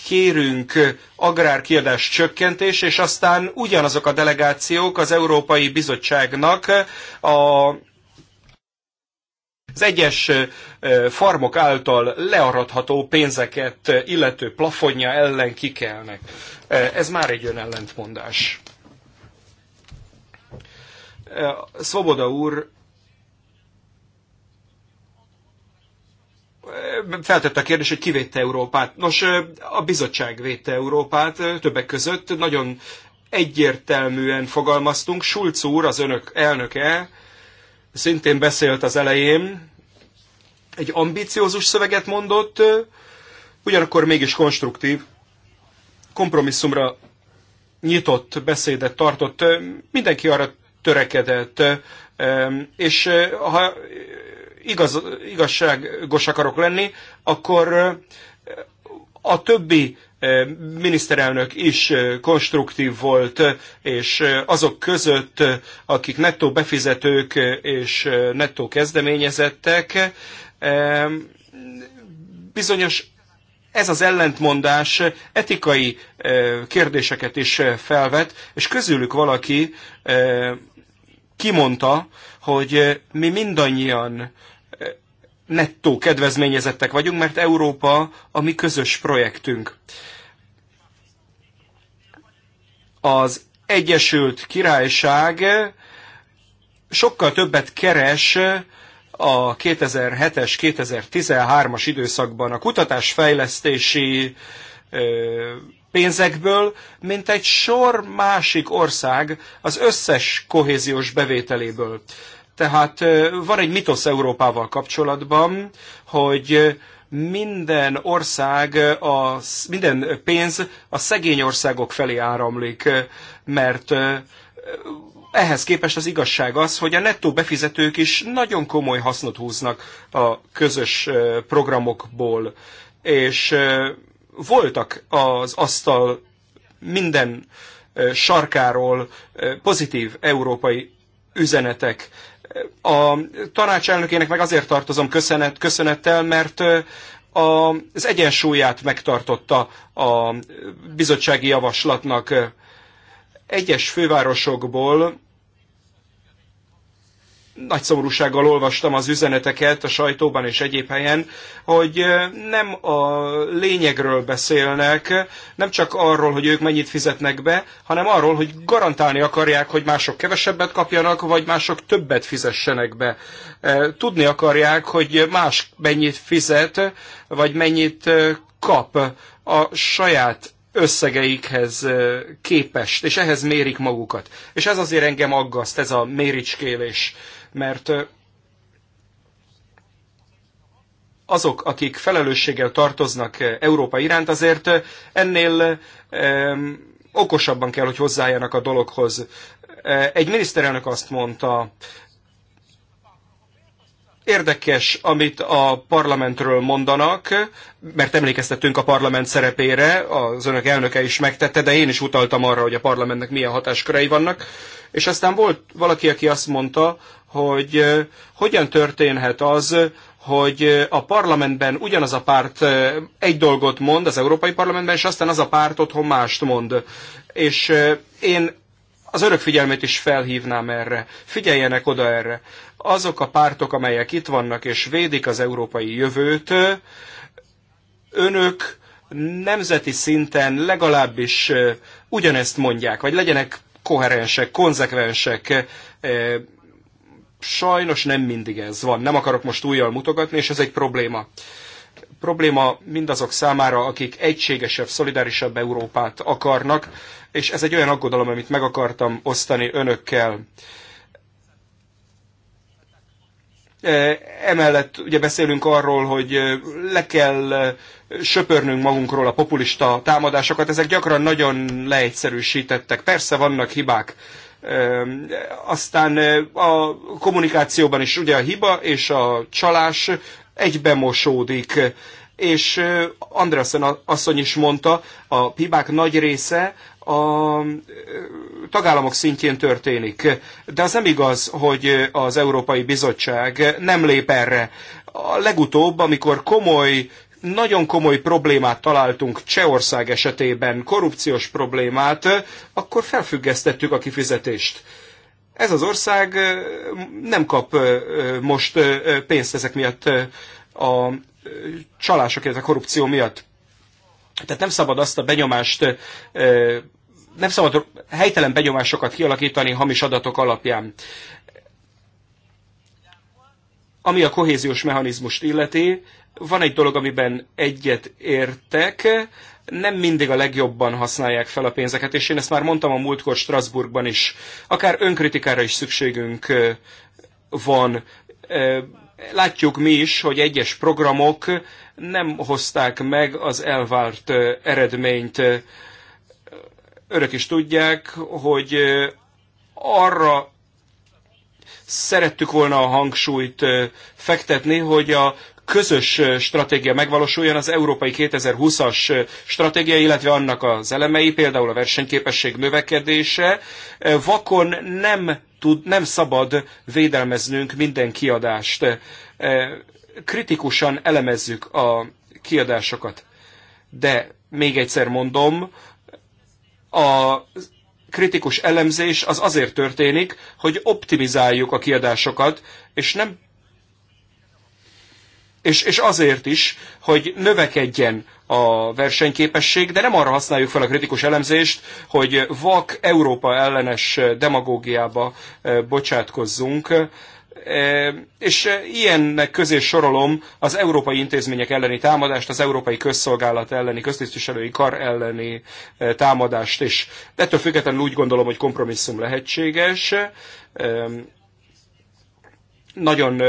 kérünk agrárkiadás csökkentés, és aztán ugyanazok a delegációk az Európai Bizottságnak a az egyes farmok által learadható pénzeket illető plafonja ellen kikelnek. Ez már egy önellentmondás. Szoboda úr feltette a kérdés, hogy ki védte Európát. Nos, a bizottság védte Európát többek között. Nagyon egyértelműen fogalmaztunk. Schulz úr, az önök elnöke, szintén beszélt az elején, egy ambiciózus szöveget mondott, ugyanakkor mégis konstruktív, kompromisszumra nyitott beszédet tartott. Mindenki arra törekedett, és ha igaz, igazságos akarok lenni, akkor a többi miniszterelnök is konstruktív volt, és azok között, akik nettó befizetők és nettó kezdeményezettek, bizonyos ez az ellentmondás etikai kérdéseket is felvet, és közülük valaki kimondta, hogy mi mindannyian nettó kedvezményezettek vagyunk, mert Európa a mi közös projektünk. Az Egyesült Királyság sokkal többet keres a 2007-es, 2013-as időszakban a kutatásfejlesztési pénzekből, mint egy sor másik ország az összes kohéziós bevételéből. Tehát van egy mitosz Európával kapcsolatban, hogy minden ország, a, minden pénz a szegény országok felé áramlik, mert ehhez képest az igazság az, hogy a nettó befizetők is nagyon komoly hasznot húznak a közös programokból, és voltak az asztal minden sarkáról pozitív európai üzenetek. A tanács elnökének meg azért tartozom köszönet, köszönettel, mert az egyensúlyát megtartotta a bizottsági javaslatnak. Egyes fővárosokból nagy szomorúsággal olvastam az üzeneteket a sajtóban és egyéb helyen, hogy nem a lényegről beszélnek, nem csak arról, hogy ők mennyit fizetnek be, hanem arról, hogy garantálni akarják, hogy mások kevesebbet kapjanak, vagy mások többet fizessenek be. Tudni akarják, hogy más mennyit fizet, vagy mennyit kap a saját összegeikhez képest, és ehhez mérik magukat. És ez azért engem aggaszt, ez a méricskélés mert azok, akik felelősséggel tartoznak Európa iránt, azért ennél okosabban kell, hogy hozzájának a dologhoz. Egy miniszterelnök azt mondta, Érdekes, amit a parlamentről mondanak, mert emlékeztettünk a parlament szerepére, az önök elnöke is megtette, de én is utaltam arra, hogy a parlamentnek milyen hatáskörei vannak. És aztán volt valaki, aki azt mondta, hogy hogyan történhet az, hogy a parlamentben ugyanaz a párt egy dolgot mond, az Európai Parlamentben, és aztán az a párt otthon mást mond. És én az örök figyelmét is felhívnám erre. Figyeljenek oda erre. Azok a pártok, amelyek itt vannak és védik az európai jövőt, önök nemzeti szinten legalábbis ugyanezt mondják, vagy legyenek koherensek, konzekvensek, Sajnos nem mindig ez van. Nem akarok most újjal mutogatni, és ez egy probléma. Probléma mindazok számára, akik egységesebb, szolidárisabb Európát akarnak, és ez egy olyan aggodalom, amit meg akartam osztani önökkel. E, emellett ugye beszélünk arról, hogy e, le kell e, söpörnünk magunkról a populista támadásokat, ezek gyakran nagyon leegyszerűsítettek. Persze vannak hibák, aztán a kommunikációban is ugye a hiba és a csalás egybemosódik, és Andreasen asszony is mondta, a hibák nagy része a tagállamok szintjén történik. De az nem igaz, hogy az Európai Bizottság nem lép erre. A legutóbb, amikor komoly nagyon komoly problémát találtunk Csehország esetében, korrupciós problémát, akkor felfüggesztettük a kifizetést. Ez az ország nem kap most pénzt ezek miatt a csalások, illetve a korrupció miatt. Tehát nem szabad azt a benyomást, nem szabad helytelen benyomásokat kialakítani hamis adatok alapján. Ami a kohéziós mechanizmust illeti, van egy dolog, amiben egyet értek, nem mindig a legjobban használják fel a pénzeket, és én ezt már mondtam a múltkor Strasbourgban is. Akár önkritikára is szükségünk van. Látjuk mi is, hogy egyes programok nem hozták meg az elvárt eredményt. Örök is tudják, hogy arra szerettük volna a hangsúlyt fektetni, hogy a közös stratégia megvalósuljon, az Európai 2020-as stratégia, illetve annak az elemei, például a versenyképesség növekedése, vakon nem, tud, nem szabad védelmeznünk minden kiadást. Kritikusan elemezzük a kiadásokat. De még egyszer mondom, az kritikus elemzés az azért történik, hogy optimizáljuk a kiadásokat, és nem és, és azért is, hogy növekedjen a versenyképesség, de nem arra használjuk fel a kritikus elemzést, hogy vak Európa ellenes demagógiába eh, bocsátkozzunk. És ilyennek közé sorolom az európai intézmények elleni támadást, az európai közszolgálat elleni, köztisztviselői kar elleni támadást is. De ettől függetlenül úgy gondolom, hogy kompromisszum lehetséges. Nagyon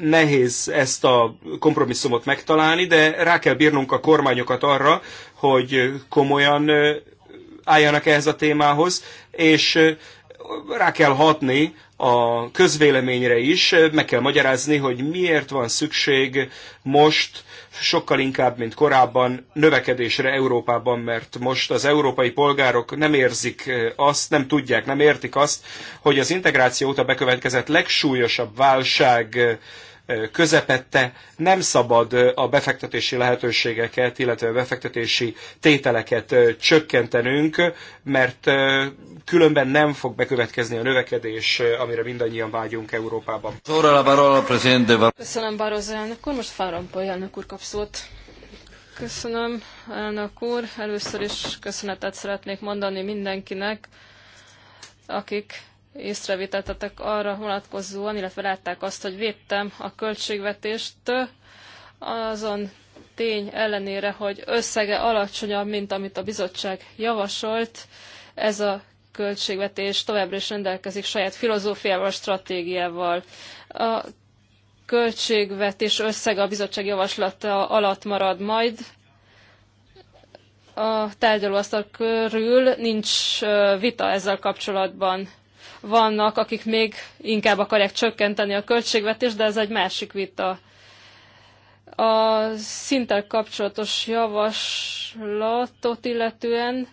nehéz ezt a kompromisszumot megtalálni, de rá kell bírnunk a kormányokat arra, hogy komolyan álljanak ehhez a témához, és rá kell hatni a közvéleményre is, meg kell magyarázni, hogy miért van szükség most sokkal inkább, mint korábban növekedésre Európában, mert most az európai polgárok nem érzik azt, nem tudják, nem értik azt, hogy az integráció óta bekövetkezett legsúlyosabb válság közepette nem szabad a befektetési lehetőségeket, illetve a befektetési tételeket csökkentenünk, mert különben nem fog bekövetkezni a növekedés, amire mindannyian vágyunk Európában. Köszönöm, Barozó elnök úr. Most Fárampoly elnök úr kap szót. Köszönöm, elnök úr. Először is köszönetet szeretnék mondani mindenkinek, akik észrevételtetek arra vonatkozóan, illetve látták azt, hogy védtem a költségvetést azon tény ellenére, hogy összege alacsonyabb, mint amit a bizottság javasolt. Ez a költségvetés továbbra is rendelkezik saját filozófiával, stratégiával. A költségvetés összege a bizottság javaslata alatt marad majd. A tárgyalóasztal körül nincs vita ezzel kapcsolatban vannak, akik még inkább akarják csökkenteni a költségvetést, de ez egy másik vita. A szinttel kapcsolatos javaslatot illetően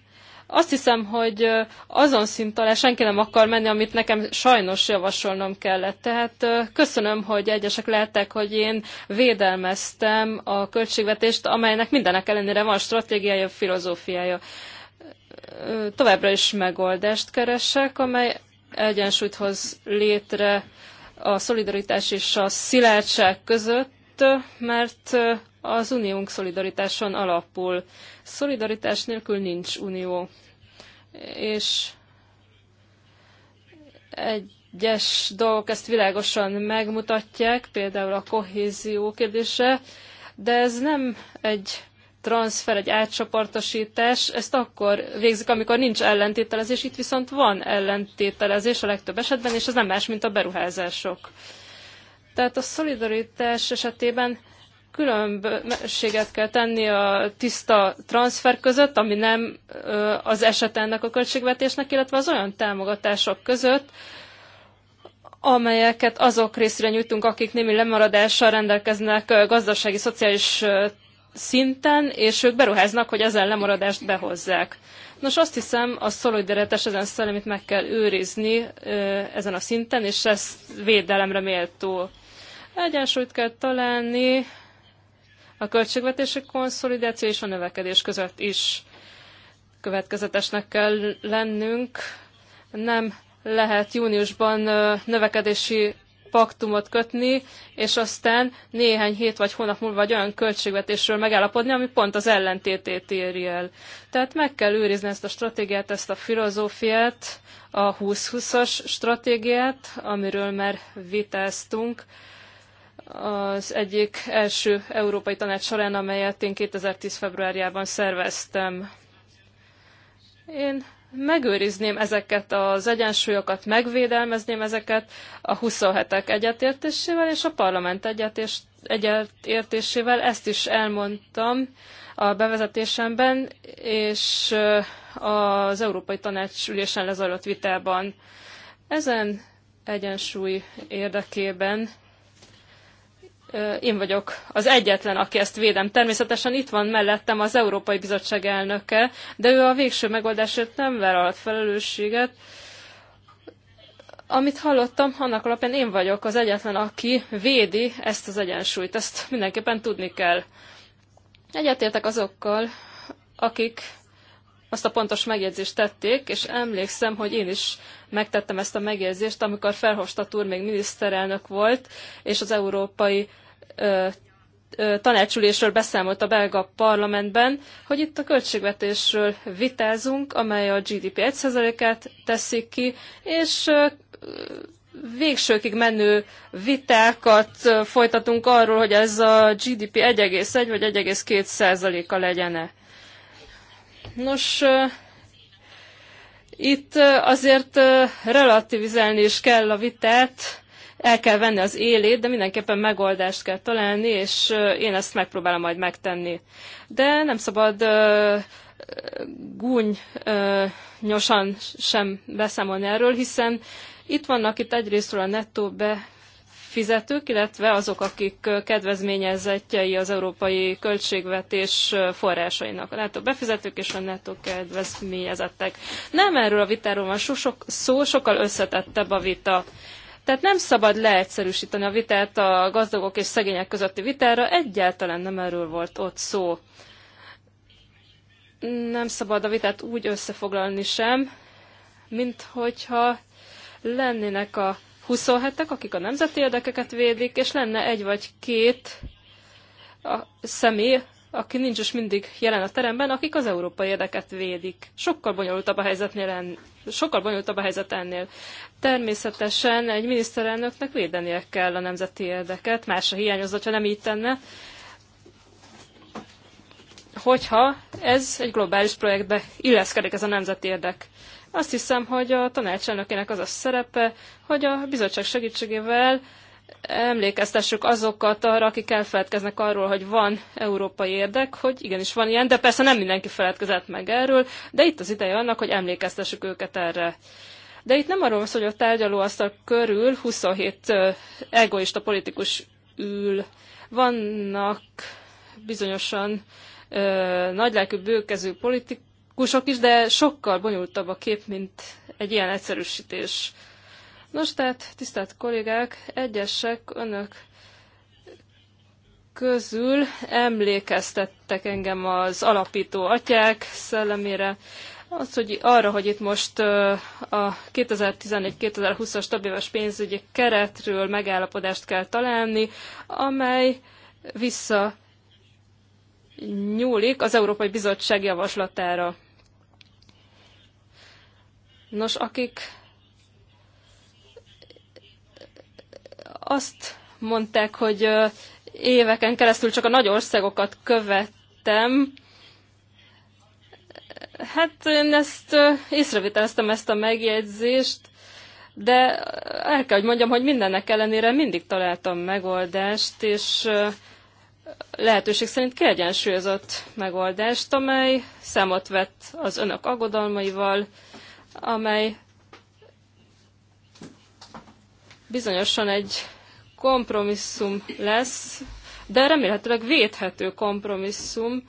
azt hiszem, hogy azon szint alá senki nem akar menni, amit nekem sajnos javasolnom kellett. Tehát köszönöm, hogy egyesek lehettek, hogy én védelmeztem a költségvetést, amelynek mindenek ellenére van stratégiája, filozófiája. Továbbra is megoldást keresek, amely egyensúlyt hoz létre a szolidaritás és a szilárdság között, mert az uniónk szolidaritáson alapul. Szolidaritás nélkül nincs unió. És egyes dolgok ezt világosan megmutatják, például a kohézió kérdése, de ez nem egy transfer, egy átcsoportosítás, ezt akkor végzik, amikor nincs ellentételezés, itt viszont van ellentételezés a legtöbb esetben, és ez nem más, mint a beruházások. Tehát a szolidaritás esetében különbséget kell tenni a tiszta transfer között, ami nem az eset ennek a költségvetésnek, illetve az olyan támogatások között, amelyeket azok részére nyújtunk, akik némi lemaradással rendelkeznek gazdasági, szociális szinten, és ők beruháznak, hogy ezen lemaradást behozzák. Nos, azt hiszem, a szolidaritás ezen szellemét meg kell őrizni ezen a szinten, és ez védelemre méltó. Egyensúlyt kell találni a költségvetési konszolidáció és a növekedés között is. Következetesnek kell lennünk. Nem lehet júniusban növekedési paktumot kötni, és aztán néhány hét vagy hónap múlva egy olyan költségvetésről megállapodni, ami pont az ellentétét éri el. Tehát meg kell őrizni ezt a stratégiát, ezt a filozófiát, a 20-20-as stratégiát, amiről már vitáztunk az egyik első európai tanács során, amelyet én 2010. februárjában szerveztem. Én megőrizném ezeket az egyensúlyokat, megvédelmezném ezeket a 27-ek egyetértésével és a parlament egyetértésével. Ezt is elmondtam a bevezetésemben, és az Európai Tanács ülésen lezajlott vitában. Ezen egyensúly érdekében én vagyok az egyetlen, aki ezt védem. Természetesen itt van mellettem az Európai Bizottság elnöke, de ő a végső megoldásért nem vállalt felelősséget. Amit hallottam, annak alapján én vagyok az egyetlen, aki védi ezt az egyensúlyt. Ezt mindenképpen tudni kell. Egyetértek azokkal, akik azt a pontos megjegyzést tették, és emlékszem, hogy én is megtettem ezt a megjegyzést, amikor Ferhofstadt úr még miniszterelnök volt, és az európai ö, ö, tanácsülésről beszámolt a belga parlamentben, hogy itt a költségvetésről vitázunk, amely a GDP 1%-át teszik ki, és ö, végsőkig menő vitákat folytatunk arról, hogy ez a GDP 1,1 vagy 1,2 százaléka legyen-e. Nos, itt azért relativizálni is kell a vitát, el kell venni az élét, de mindenképpen megoldást kell találni, és én ezt megpróbálom majd megtenni. De nem szabad gúny nyosan sem beszámolni erről, hiszen itt vannak itt egyrésztről a nettó be fizetők, illetve azok, akik kedvezményezettjei az európai költségvetés forrásainak. A nettó befizetők és a nettó kedvezményezettek. Nem erről a vitáról van so, sok szó, sokkal összetettebb a vita. Tehát nem szabad leegyszerűsíteni a vitát a gazdagok és szegények közötti vitára, egyáltalán nem erről volt ott szó. Nem szabad a vitát úgy összefoglalni sem, mint hogyha lennének a 27 akik a nemzeti érdekeket védik, és lenne egy vagy két a személy, aki nincs is mindig jelen a teremben, akik az európai érdeket védik. Sokkal bonyolultabb a, helyzetnél en, sokkal bonyolultabb a helyzet ennél. Természetesen egy miniszterelnöknek védenie kell a nemzeti érdeket, másra hiányozza, ha nem így tenne, hogyha ez egy globális projektbe illeszkedik ez a nemzeti érdek. Azt hiszem, hogy a tanácselnökének az a szerepe, hogy a bizottság segítségével emlékeztessük azokat arra, akik elfeledkeznek arról, hogy van európai érdek, hogy igenis van ilyen, de persze nem mindenki feledkezett meg erről, de itt az ideje annak, hogy emlékeztessük őket erre. De itt nem arról van szó, hogy a tárgyalóasztal körül 27 egoista politikus ül. Vannak bizonyosan nagylelkű bőkező politikusok, logikusok is, de sokkal bonyolultabb a kép, mint egy ilyen egyszerűsítés. Nos, tehát, tisztelt kollégák, egyesek önök közül emlékeztettek engem az alapító atyák szellemére, az, hogy arra, hogy itt most a 2014-2020-as több éves pénzügyi keretről megállapodást kell találni, amely vissza nyúlik az Európai Bizottság javaslatára. Nos, akik azt mondták, hogy éveken keresztül csak a nagy országokat követtem, hát én ezt észrevételeztem, ezt a megjegyzést, de el kell, hogy mondjam, hogy mindennek ellenére mindig találtam megoldást, és lehetőség szerint kiegyensúlyozott megoldást, amely számot vett az önök aggodalmaival, amely bizonyosan egy kompromisszum lesz, de remélhetőleg védhető kompromisszum,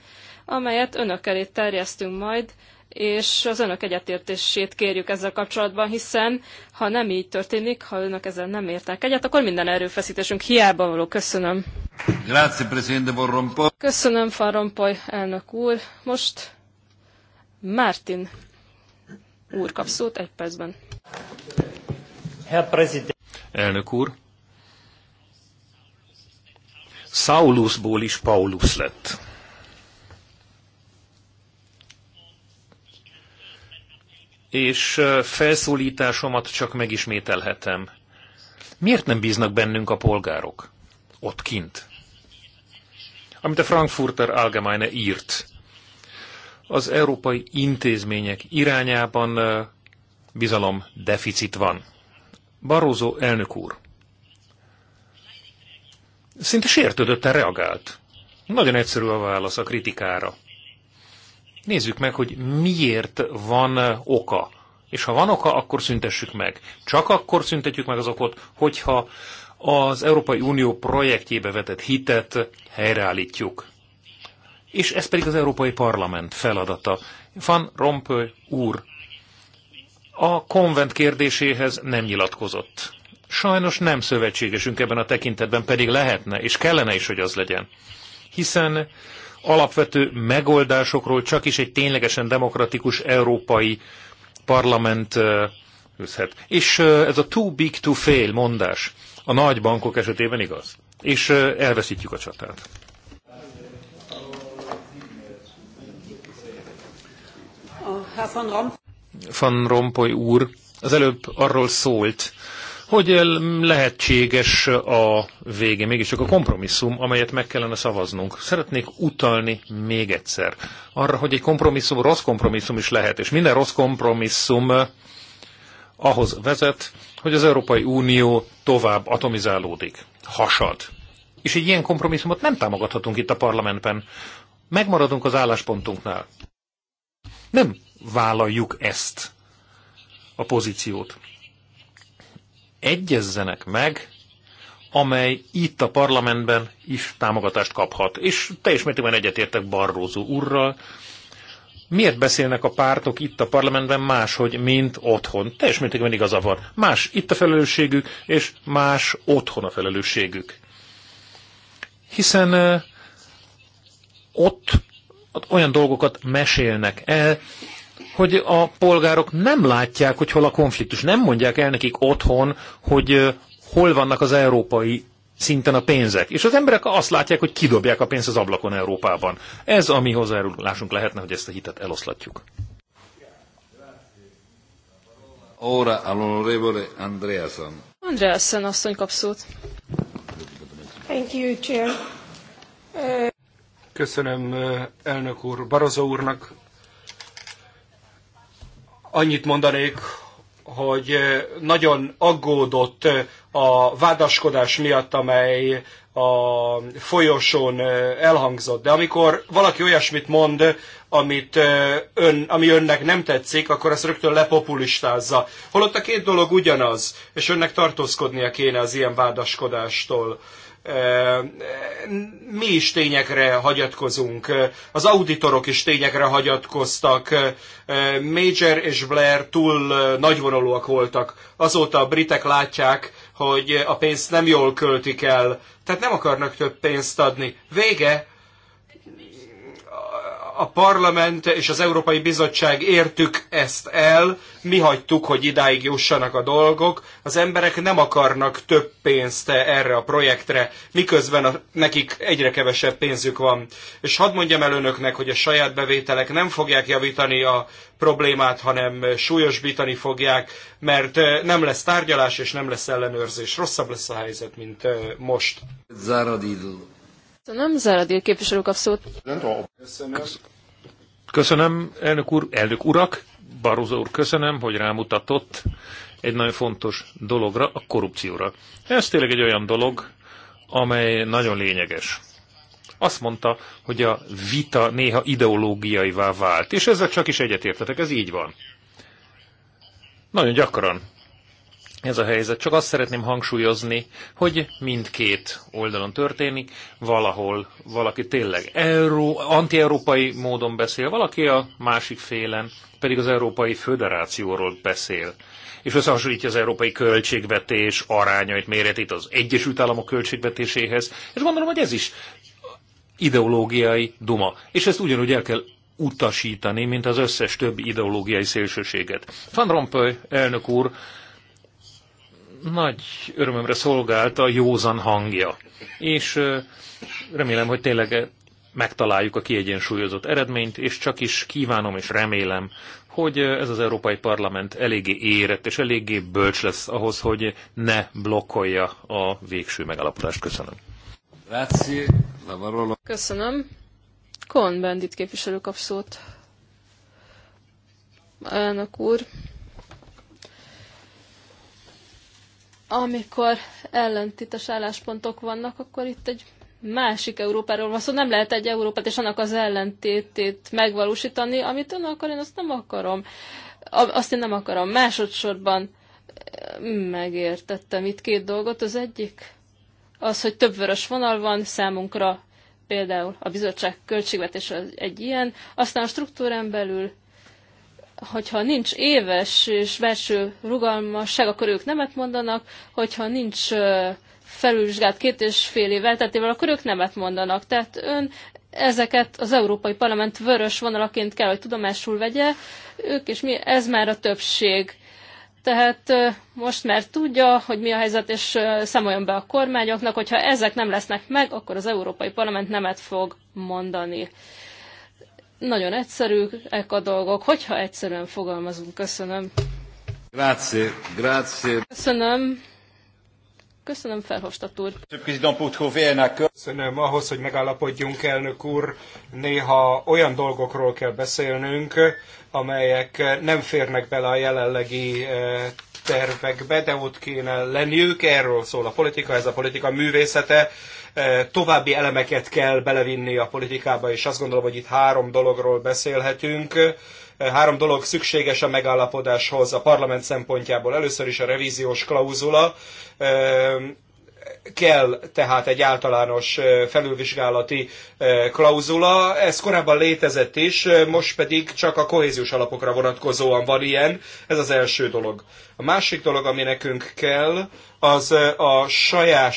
amelyet önök elé terjesztünk majd, és az önök egyetértését kérjük ezzel kapcsolatban, hiszen ha nem így történik, ha önök ezzel nem értek egyet, akkor minden erőfeszítésünk hiába való. Köszönöm. Grazie, Presidente Köszönöm, Van Rompuy elnök úr. Most Martin úr kap szót egy percben. Herr Elnök úr, Saulusból is Paulus lett. És felszólításomat csak megismételhetem. Miért nem bíznak bennünk a polgárok? Ott kint. Amit a Frankfurter Allgemeine írt az európai intézmények irányában bizalom deficit van. Barózó elnök úr szinte sértődötten reagált. Nagyon egyszerű a válasz a kritikára. Nézzük meg, hogy miért van oka. És ha van oka, akkor szüntessük meg. Csak akkor szüntetjük meg az okot, hogyha az Európai Unió projektjébe vetett hitet helyreállítjuk és ez pedig az Európai Parlament feladata. Van Rompuy úr a konvent kérdéséhez nem nyilatkozott. Sajnos nem szövetségesünk ebben a tekintetben, pedig lehetne, és kellene is, hogy az legyen. Hiszen alapvető megoldásokról csak is egy ténylegesen demokratikus európai parlament üzhet. És ez a too big to fail mondás a nagy bankok esetében igaz. És elveszítjük a csatát. Van Rompuy úr az előbb arról szólt, hogy lehetséges a vége, mégiscsak a kompromisszum, amelyet meg kellene szavaznunk. Szeretnék utalni még egyszer arra, hogy egy kompromisszum rossz kompromisszum is lehet, és minden rossz kompromisszum eh, ahhoz vezet, hogy az Európai Unió tovább atomizálódik, hasad. És egy ilyen kompromisszumot nem támogathatunk itt a parlamentben. Megmaradunk az álláspontunknál. Nem vállaljuk ezt a pozíciót. Egyezzenek meg, amely itt a parlamentben is támogatást kaphat. És teljes mértékben egyetértek Barrózó úrral. Miért beszélnek a pártok itt a parlamentben máshogy, mint otthon? Teljes mértékben igaza van. Más itt a felelősségük, és más otthon a felelősségük. Hiszen ott olyan dolgokat mesélnek el, hogy a polgárok nem látják, hogy hol a konfliktus. Nem mondják el nekik otthon, hogy hol vannak az európai szinten a pénzek. És az emberek azt látják, hogy kidobják a pénzt az ablakon Európában. Ez a mi hozzájárulásunk lehetne, hogy ezt a hitet eloszlatjuk. Ora all'onorevole Andreasen. Andreasen asszony kap szót. Thank you, Chair. Köszönöm elnök úr, Barozó úrnak Annyit mondanék, hogy nagyon aggódott a vádaskodás miatt, amely a folyosón elhangzott. De amikor valaki olyasmit mond, amit ön, ami önnek nem tetszik, akkor ezt rögtön lepopulistázza. Holott a két dolog ugyanaz, és önnek tartózkodnia kéne az ilyen vádaskodástól mi is tényekre hagyatkozunk, az auditorok is tényekre hagyatkoztak, Major és Blair túl nagyvonalúak voltak. Azóta a britek látják, hogy a pénzt nem jól költik el, tehát nem akarnak több pénzt adni. Vége, a parlament és az Európai Bizottság értük ezt el, mi hagytuk, hogy idáig jussanak a dolgok. Az emberek nem akarnak több pénzt erre a projektre, miközben a, nekik egyre kevesebb pénzük van. És hadd mondjam el önöknek, hogy a saját bevételek nem fogják javítani a problémát, hanem súlyosbítani fogják, mert nem lesz tárgyalás és nem lesz ellenőrzés. Rosszabb lesz a helyzet, mint most. Záradidl. Köszönöm, Záradil képviselő kap szót. Köszönöm. elnök úr, elnök urak, Barroso úr, köszönöm, hogy rámutatott egy nagyon fontos dologra, a korrupcióra. Ez tényleg egy olyan dolog, amely nagyon lényeges. Azt mondta, hogy a vita néha ideológiaivá vált, és ezzel csak is egyetértetek, ez így van. Nagyon gyakran ez a helyzet. Csak azt szeretném hangsúlyozni, hogy mindkét oldalon történik, valahol valaki tényleg euró, anti-európai módon beszél, valaki a másik félen pedig az Európai Föderációról beszél. És összehasonlítja az európai költségvetés arányait, méretét az Egyesült Államok költségvetéséhez, és gondolom, hogy ez is ideológiai duma. És ezt ugyanúgy el kell utasítani, mint az összes több ideológiai szélsőséget. Van Rompuy elnök úr nagy örömömre szolgált a józan hangja, és remélem, hogy tényleg megtaláljuk a kiegyensúlyozott eredményt, és csak is kívánom és remélem, hogy ez az Európai Parlament eléggé érett és eléggé bölcs lesz ahhoz, hogy ne blokkolja a végső megállapodást. Köszönöm. Köszönöm. Kohn Bendit képviselő kap szót. Elnök úr, amikor ellentétes álláspontok vannak, akkor itt egy másik Európáról van szó, szóval nem lehet egy Európát és annak az ellentétét megvalósítani, amit ön akar, én azt nem akarom. Azt én nem akarom. Másodszorban eh, megértettem itt két dolgot. Az egyik az, hogy több vörös vonal van számunkra, például a bizottság költségvetés egy ilyen, aztán a struktúrán belül hogyha nincs éves és belső rugalmasság, akkor ők nemet mondanak, hogyha nincs felülvizsgált két és fél év elteltével, akkor ők nemet mondanak. Tehát ön ezeket az Európai Parlament vörös vonalaként kell, hogy tudomásul vegye, ők és mi, ez már a többség. Tehát most már tudja, hogy mi a helyzet, és számoljon be a kormányoknak, hogyha ezek nem lesznek meg, akkor az Európai Parlament nemet fog mondani. Nagyon egyszerűek a dolgok, hogyha egyszerűen fogalmazunk. Köszönöm. Grazie, grazie. Köszönöm. Köszönöm, Ferhofstadt úr. Köszönöm ahhoz, hogy megállapodjunk, elnök úr. Néha olyan dolgokról kell beszélnünk, amelyek nem férnek bele a jelenlegi eh, tervekbe, de ott kéne lenniük, erről szól a politika, ez a politika művészete, e, további elemeket kell belevinni a politikába, és azt gondolom, hogy itt három dologról beszélhetünk. E, három dolog szükséges a megállapodáshoz a parlament szempontjából. Először is a revíziós klauzula, e, kell tehát egy általános felülvizsgálati klauzula. Ez korábban létezett is, most pedig csak a kohéziós alapokra vonatkozóan van ilyen. Ez az első dolog. A másik dolog, ami nekünk kell, az a saját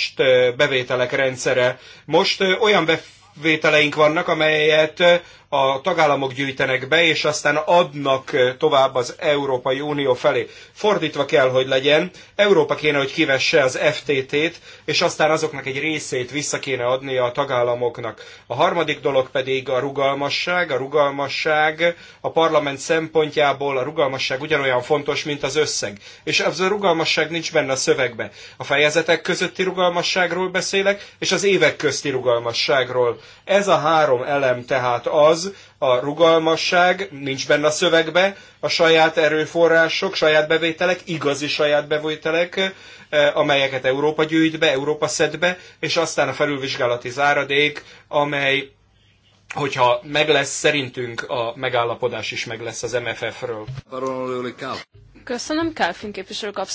bevételek rendszere. Most olyan bevételeink vannak, amelyet a tagállamok gyűjtenek be, és aztán adnak eh, tovább az Európai Unió felé. Fordítva kell, hogy legyen. Európa kéne, hogy kivesse az FTT-t, és aztán azoknak egy részét vissza kéne adni a tagállamoknak. A harmadik dolog pedig a rugalmasság. A rugalmasság a parlament szempontjából a rugalmasság ugyanolyan fontos, mint az összeg. És az a rugalmasság nincs benne a szövegbe. A fejezetek közötti rugalmasságról beszélek, és az évek közti rugalmasságról. Ez a három elem tehát az, a rugalmasság, nincs benne a szövegbe, a saját erőforrások, saját bevételek, igazi saját bevételek, eh, amelyeket Európa gyűjt be, Európa szed be, és aztán a felülvizsgálati záradék, amely hogyha meg lesz szerintünk a megállapodás is meg lesz az MFF-ről. Köszönöm, Kálfin képviselő kap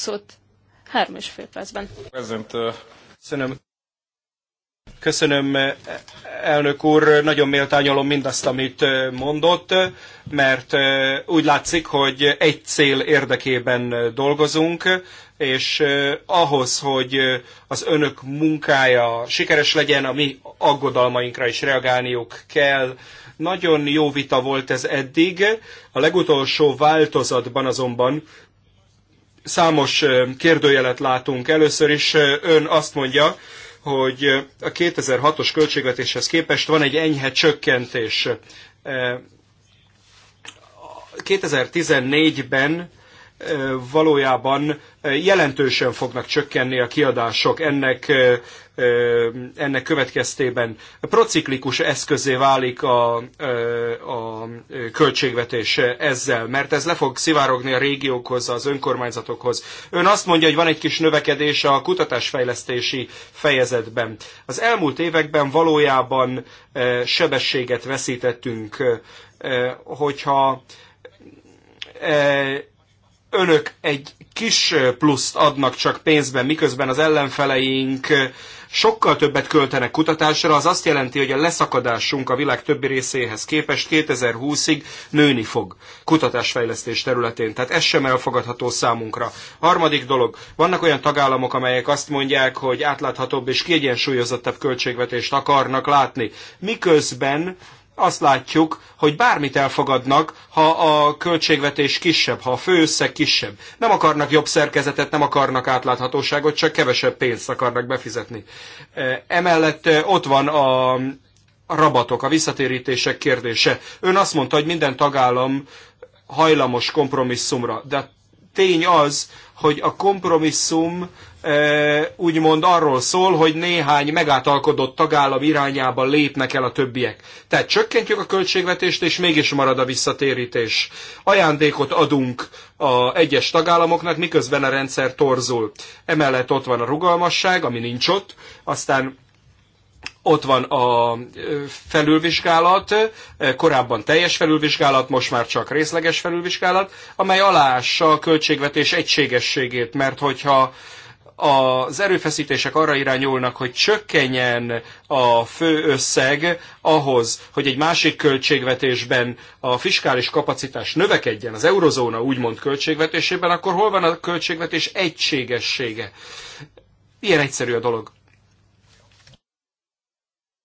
Három és fél percben. Köszönöm. Köszönöm, elnök úr, nagyon méltányolom mindazt, amit mondott, mert úgy látszik, hogy egy cél érdekében dolgozunk, és ahhoz, hogy az önök munkája sikeres legyen, a mi aggodalmainkra is reagálniuk kell. Nagyon jó vita volt ez eddig, a legutolsó változatban azonban számos kérdőjelet látunk. Először is ön azt mondja, hogy a 2006-os költségvetéshez képest van egy enyhe csökkentés. 2014-ben eh, valójában jelentősen fognak csökkenni a kiadások ennek, ennek következtében. Prociklikus eszközé válik a, a költségvetés ezzel, mert ez le fog szivárogni a régiókhoz, az önkormányzatokhoz. Ön azt mondja, hogy van egy kis növekedés a kutatásfejlesztési fejezetben. Az elmúlt években valójában sebességet veszítettünk, hogyha önök egy kis pluszt adnak csak pénzben, miközben az ellenfeleink sokkal többet költenek kutatásra, az azt jelenti, hogy a leszakadásunk a világ többi részéhez képest 2020-ig nőni fog kutatásfejlesztés területén. Tehát ez sem elfogadható számunkra. Harmadik dolog, vannak olyan tagállamok, amelyek azt mondják, hogy átláthatóbb és kiegyensúlyozottabb költségvetést akarnak látni, miközben azt látjuk, hogy bármit elfogadnak, ha a költségvetés kisebb, ha a főösszeg kisebb. Nem akarnak jobb szerkezetet, nem akarnak átláthatóságot, csak kevesebb pénzt akarnak befizetni. E, emellett e, ott van a rabatok, a visszatérítések kérdése. Ön azt mondta, hogy minden tagállam hajlamos kompromisszumra, de tény az, hogy a kompromisszum úgymond arról szól, hogy néhány megátalkodott tagállam irányába lépnek el a többiek. Tehát csökkentjük a költségvetést, és mégis marad a visszatérítés. Ajándékot adunk a egyes tagállamoknak, miközben a rendszer torzul. Emellett ott van a rugalmasság, ami nincs ott, aztán ott van a felülvizsgálat, korábban teljes felülvizsgálat, most már csak részleges felülvizsgálat, amely alássa a költségvetés egységességét, mert hogyha az erőfeszítések arra irányulnak, hogy csökkenjen a fő összeg ahhoz, hogy egy másik költségvetésben a fiskális kapacitás növekedjen, az eurozóna úgymond költségvetésében, akkor hol van a költségvetés egységessége? Ilyen egyszerű a dolog.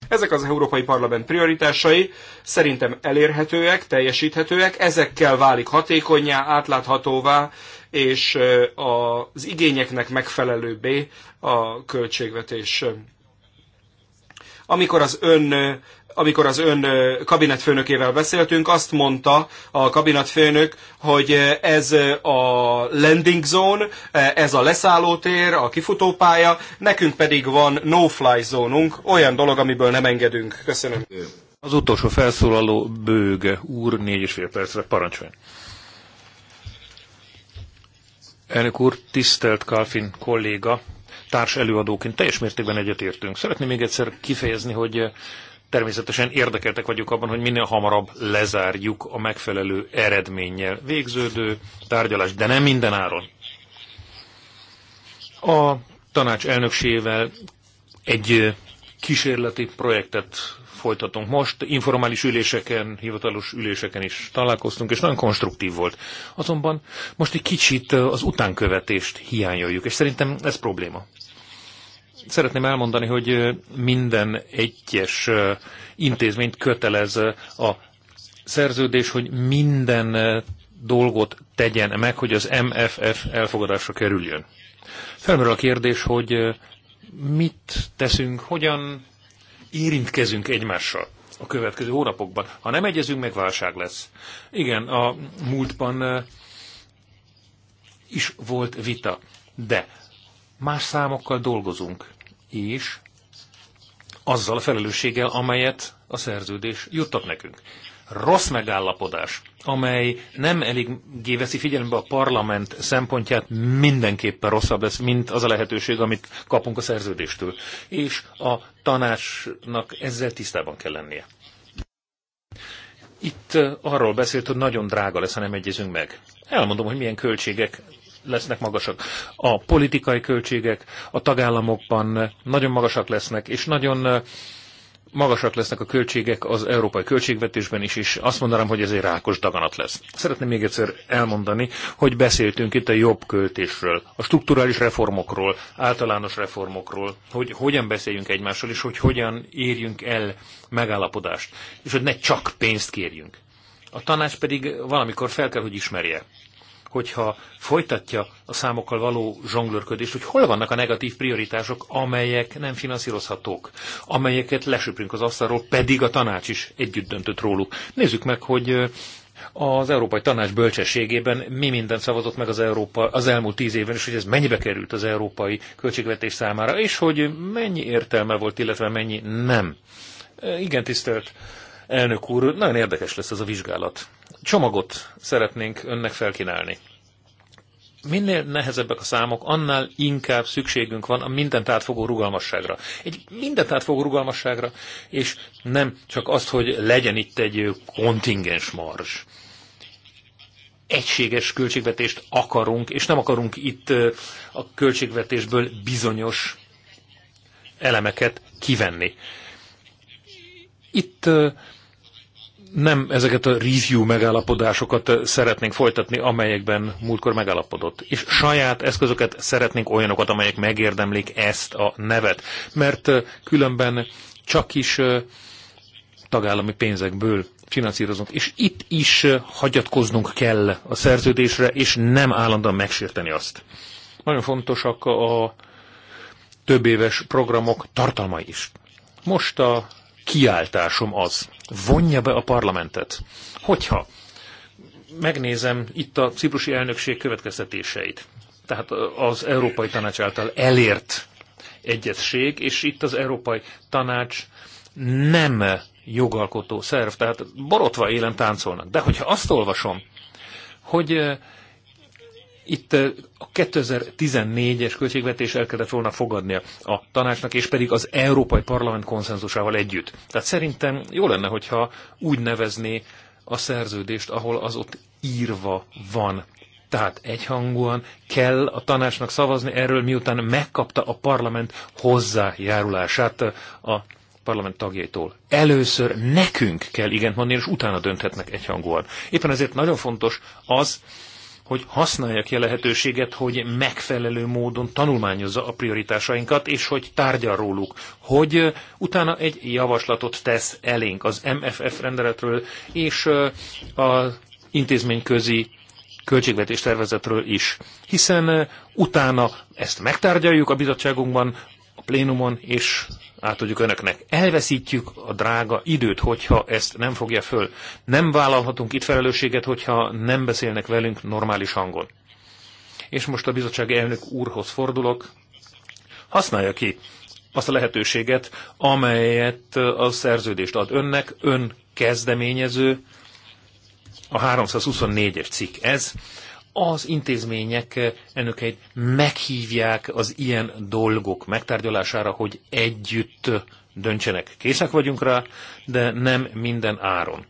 Ezek az Európai Parlament prioritásai szerintem elérhetőek, teljesíthetőek, ezekkel válik hatékonyá, átláthatóvá és az igényeknek megfelelőbbé a költségvetés. Amikor az ön amikor az ön kabinetfőnökével beszéltünk, azt mondta a kabinetfőnök, hogy ez a landing zone, ez a leszállótér, a kifutópálya, nekünk pedig van no-fly zónunk, olyan dolog, amiből nem engedünk. Köszönöm. Az utolsó felszólaló Bőge úr, négy és fél percre parancsoljon. Elnök úr, tisztelt Kalfin kolléga, társ előadóként teljes mértékben egyetértünk. Szeretném még egyszer kifejezni, hogy eh, természetesen érdekeltek vagyok abban, hogy minél hamarabb lezárjuk a megfelelő eredménnyel végződő tárgyalást, de nem minden áron. A tanács elnökségével egy eh, kísérleti projektet folytatunk. Most informális üléseken, hivatalos üléseken is találkoztunk, és nagyon konstruktív volt. Azonban most egy kicsit az utánkövetést hiányoljuk, és szerintem ez probléma. Szeretném elmondani, hogy minden egyes intézményt kötelez a szerződés, hogy minden dolgot tegyen meg, hogy az MFF elfogadásra kerüljön. Felmerül a kérdés, hogy mit teszünk, hogyan érintkezünk egymással a következő hónapokban. Ha nem egyezünk, meg válság lesz. Igen, a múltban is volt vita, de más számokkal dolgozunk, és azzal a felelősséggel, amelyet a szerződés juttat nekünk rossz megállapodás, amely nem eléggé veszi figyelembe a parlament szempontját, mindenképpen rosszabb lesz, mint az a lehetőség, amit kapunk a szerződéstől. És a tanácsnak ezzel tisztában kell lennie. Itt arról beszélt, hogy nagyon drága lesz, ha nem egyezünk meg. Elmondom, hogy milyen költségek lesznek magasak. A politikai költségek a tagállamokban nagyon magasak lesznek, és nagyon magasak lesznek a költségek az európai költségvetésben is, és azt mondanám, hogy ez egy rákos daganat lesz. Szeretném még egyszer elmondani, hogy beszéltünk itt a jobb költésről, a strukturális reformokról, általános reformokról, hogy hogyan beszéljünk egymással, és hogy hogyan érjünk el megállapodást, és hogy ne csak pénzt kérjünk. A tanács pedig valamikor fel kell, hogy ismerje, hogyha folytatja a számokkal való zsonglőrködést, hogy hol vannak a negatív prioritások, amelyek nem finanszírozhatók, amelyeket lesöprünk az asztalról, pedig a tanács is együtt döntött róluk. Nézzük meg, hogy az Európai Tanács bölcsességében mi minden szavazott meg az, Európa, az elmúlt tíz évben, és hogy ez mennyibe került az európai költségvetés számára, és hogy mennyi értelme volt, illetve mennyi nem. Igen, tisztelt elnök úr, nagyon érdekes lesz ez a vizsgálat csomagot szeretnénk önnek felkínálni. Minél nehezebbek a számok, annál inkább szükségünk van a mindent átfogó rugalmasságra. Egy mindent átfogó rugalmasságra, és nem csak azt, hogy legyen itt egy kontingens marzs egységes költségvetést akarunk, és nem akarunk itt a költségvetésből bizonyos elemeket kivenni. Itt nem ezeket a review megállapodásokat szeretnénk folytatni, amelyekben múltkor megállapodott. És saját eszközöket szeretnénk olyanokat, amelyek megérdemlik ezt a nevet. Mert különben csak is tagállami pénzekből finanszírozunk. És itt is hagyatkoznunk kell a szerződésre, és nem állandóan megsérteni azt. Nagyon fontosak a több éves programok tartalma is. Most a kiáltásom az, vonja be a parlamentet. Hogyha megnézem itt a ciprusi elnökség következtetéseit, tehát az Európai Tanács által elért egyezség, és itt az Európai Tanács nem jogalkotó szerv, tehát borotva élen táncolnak. De hogyha azt olvasom, hogy itt a 2014-es költségvetés el kellett volna fogadnia a tanácsnak, és pedig az Európai Parlament konszenzusával együtt. Tehát szerintem jó lenne, hogyha úgy nevezné a szerződést, ahol az ott írva van. Tehát egyhangúan kell a tanácsnak szavazni erről, miután megkapta a parlament hozzájárulását a parlament tagjaitól. Először nekünk kell igent mondani, és utána dönthetnek egyhangúan. Éppen ezért nagyon fontos az, hogy használja ki a lehetőséget, hogy megfelelő módon tanulmányozza a prioritásainkat, és hogy tárgyal róluk, hogy utána egy javaslatot tesz elénk az MFF rendeletről, és az intézményközi költségvetés tervezetről is, hiszen utána ezt megtárgyaljuk a bizottságunkban, plénumon, és átadjuk önöknek. Elveszítjük a drága időt, hogyha ezt nem fogja föl. Nem vállalhatunk itt felelősséget, hogyha nem beszélnek velünk normális hangon. És most a bizottság elnök úrhoz fordulok. Használja ki azt a lehetőséget, amelyet a szerződést ad önnek, ön kezdeményező, a 324-es cikk ez, az intézmények eh, elnökeit meghívják az ilyen dolgok megtárgyalására, hogy együtt döntsenek. Készek vagyunk rá, de nem minden áron.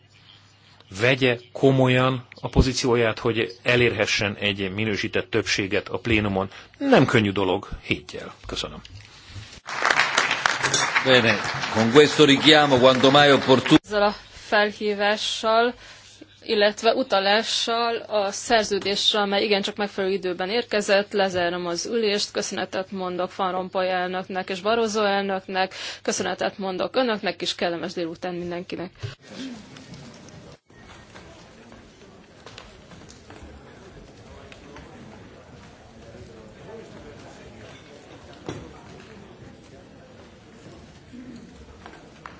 Vegye komolyan a pozícióját, hogy elérhessen egy minősített többséget a plénumon. Nem könnyű dolog, higgyel. Köszönöm. Bene, con questo richiamo quando mai opportuno. Ezzel a felhívással illetve utalással a szerződésre, amely igencsak megfelelő időben érkezett. Lezárom az ülést, köszönetet mondok Van Rompoy elnöknek és Barozó elnöknek, köszönetet mondok önöknek, és kellemes délután mindenkinek.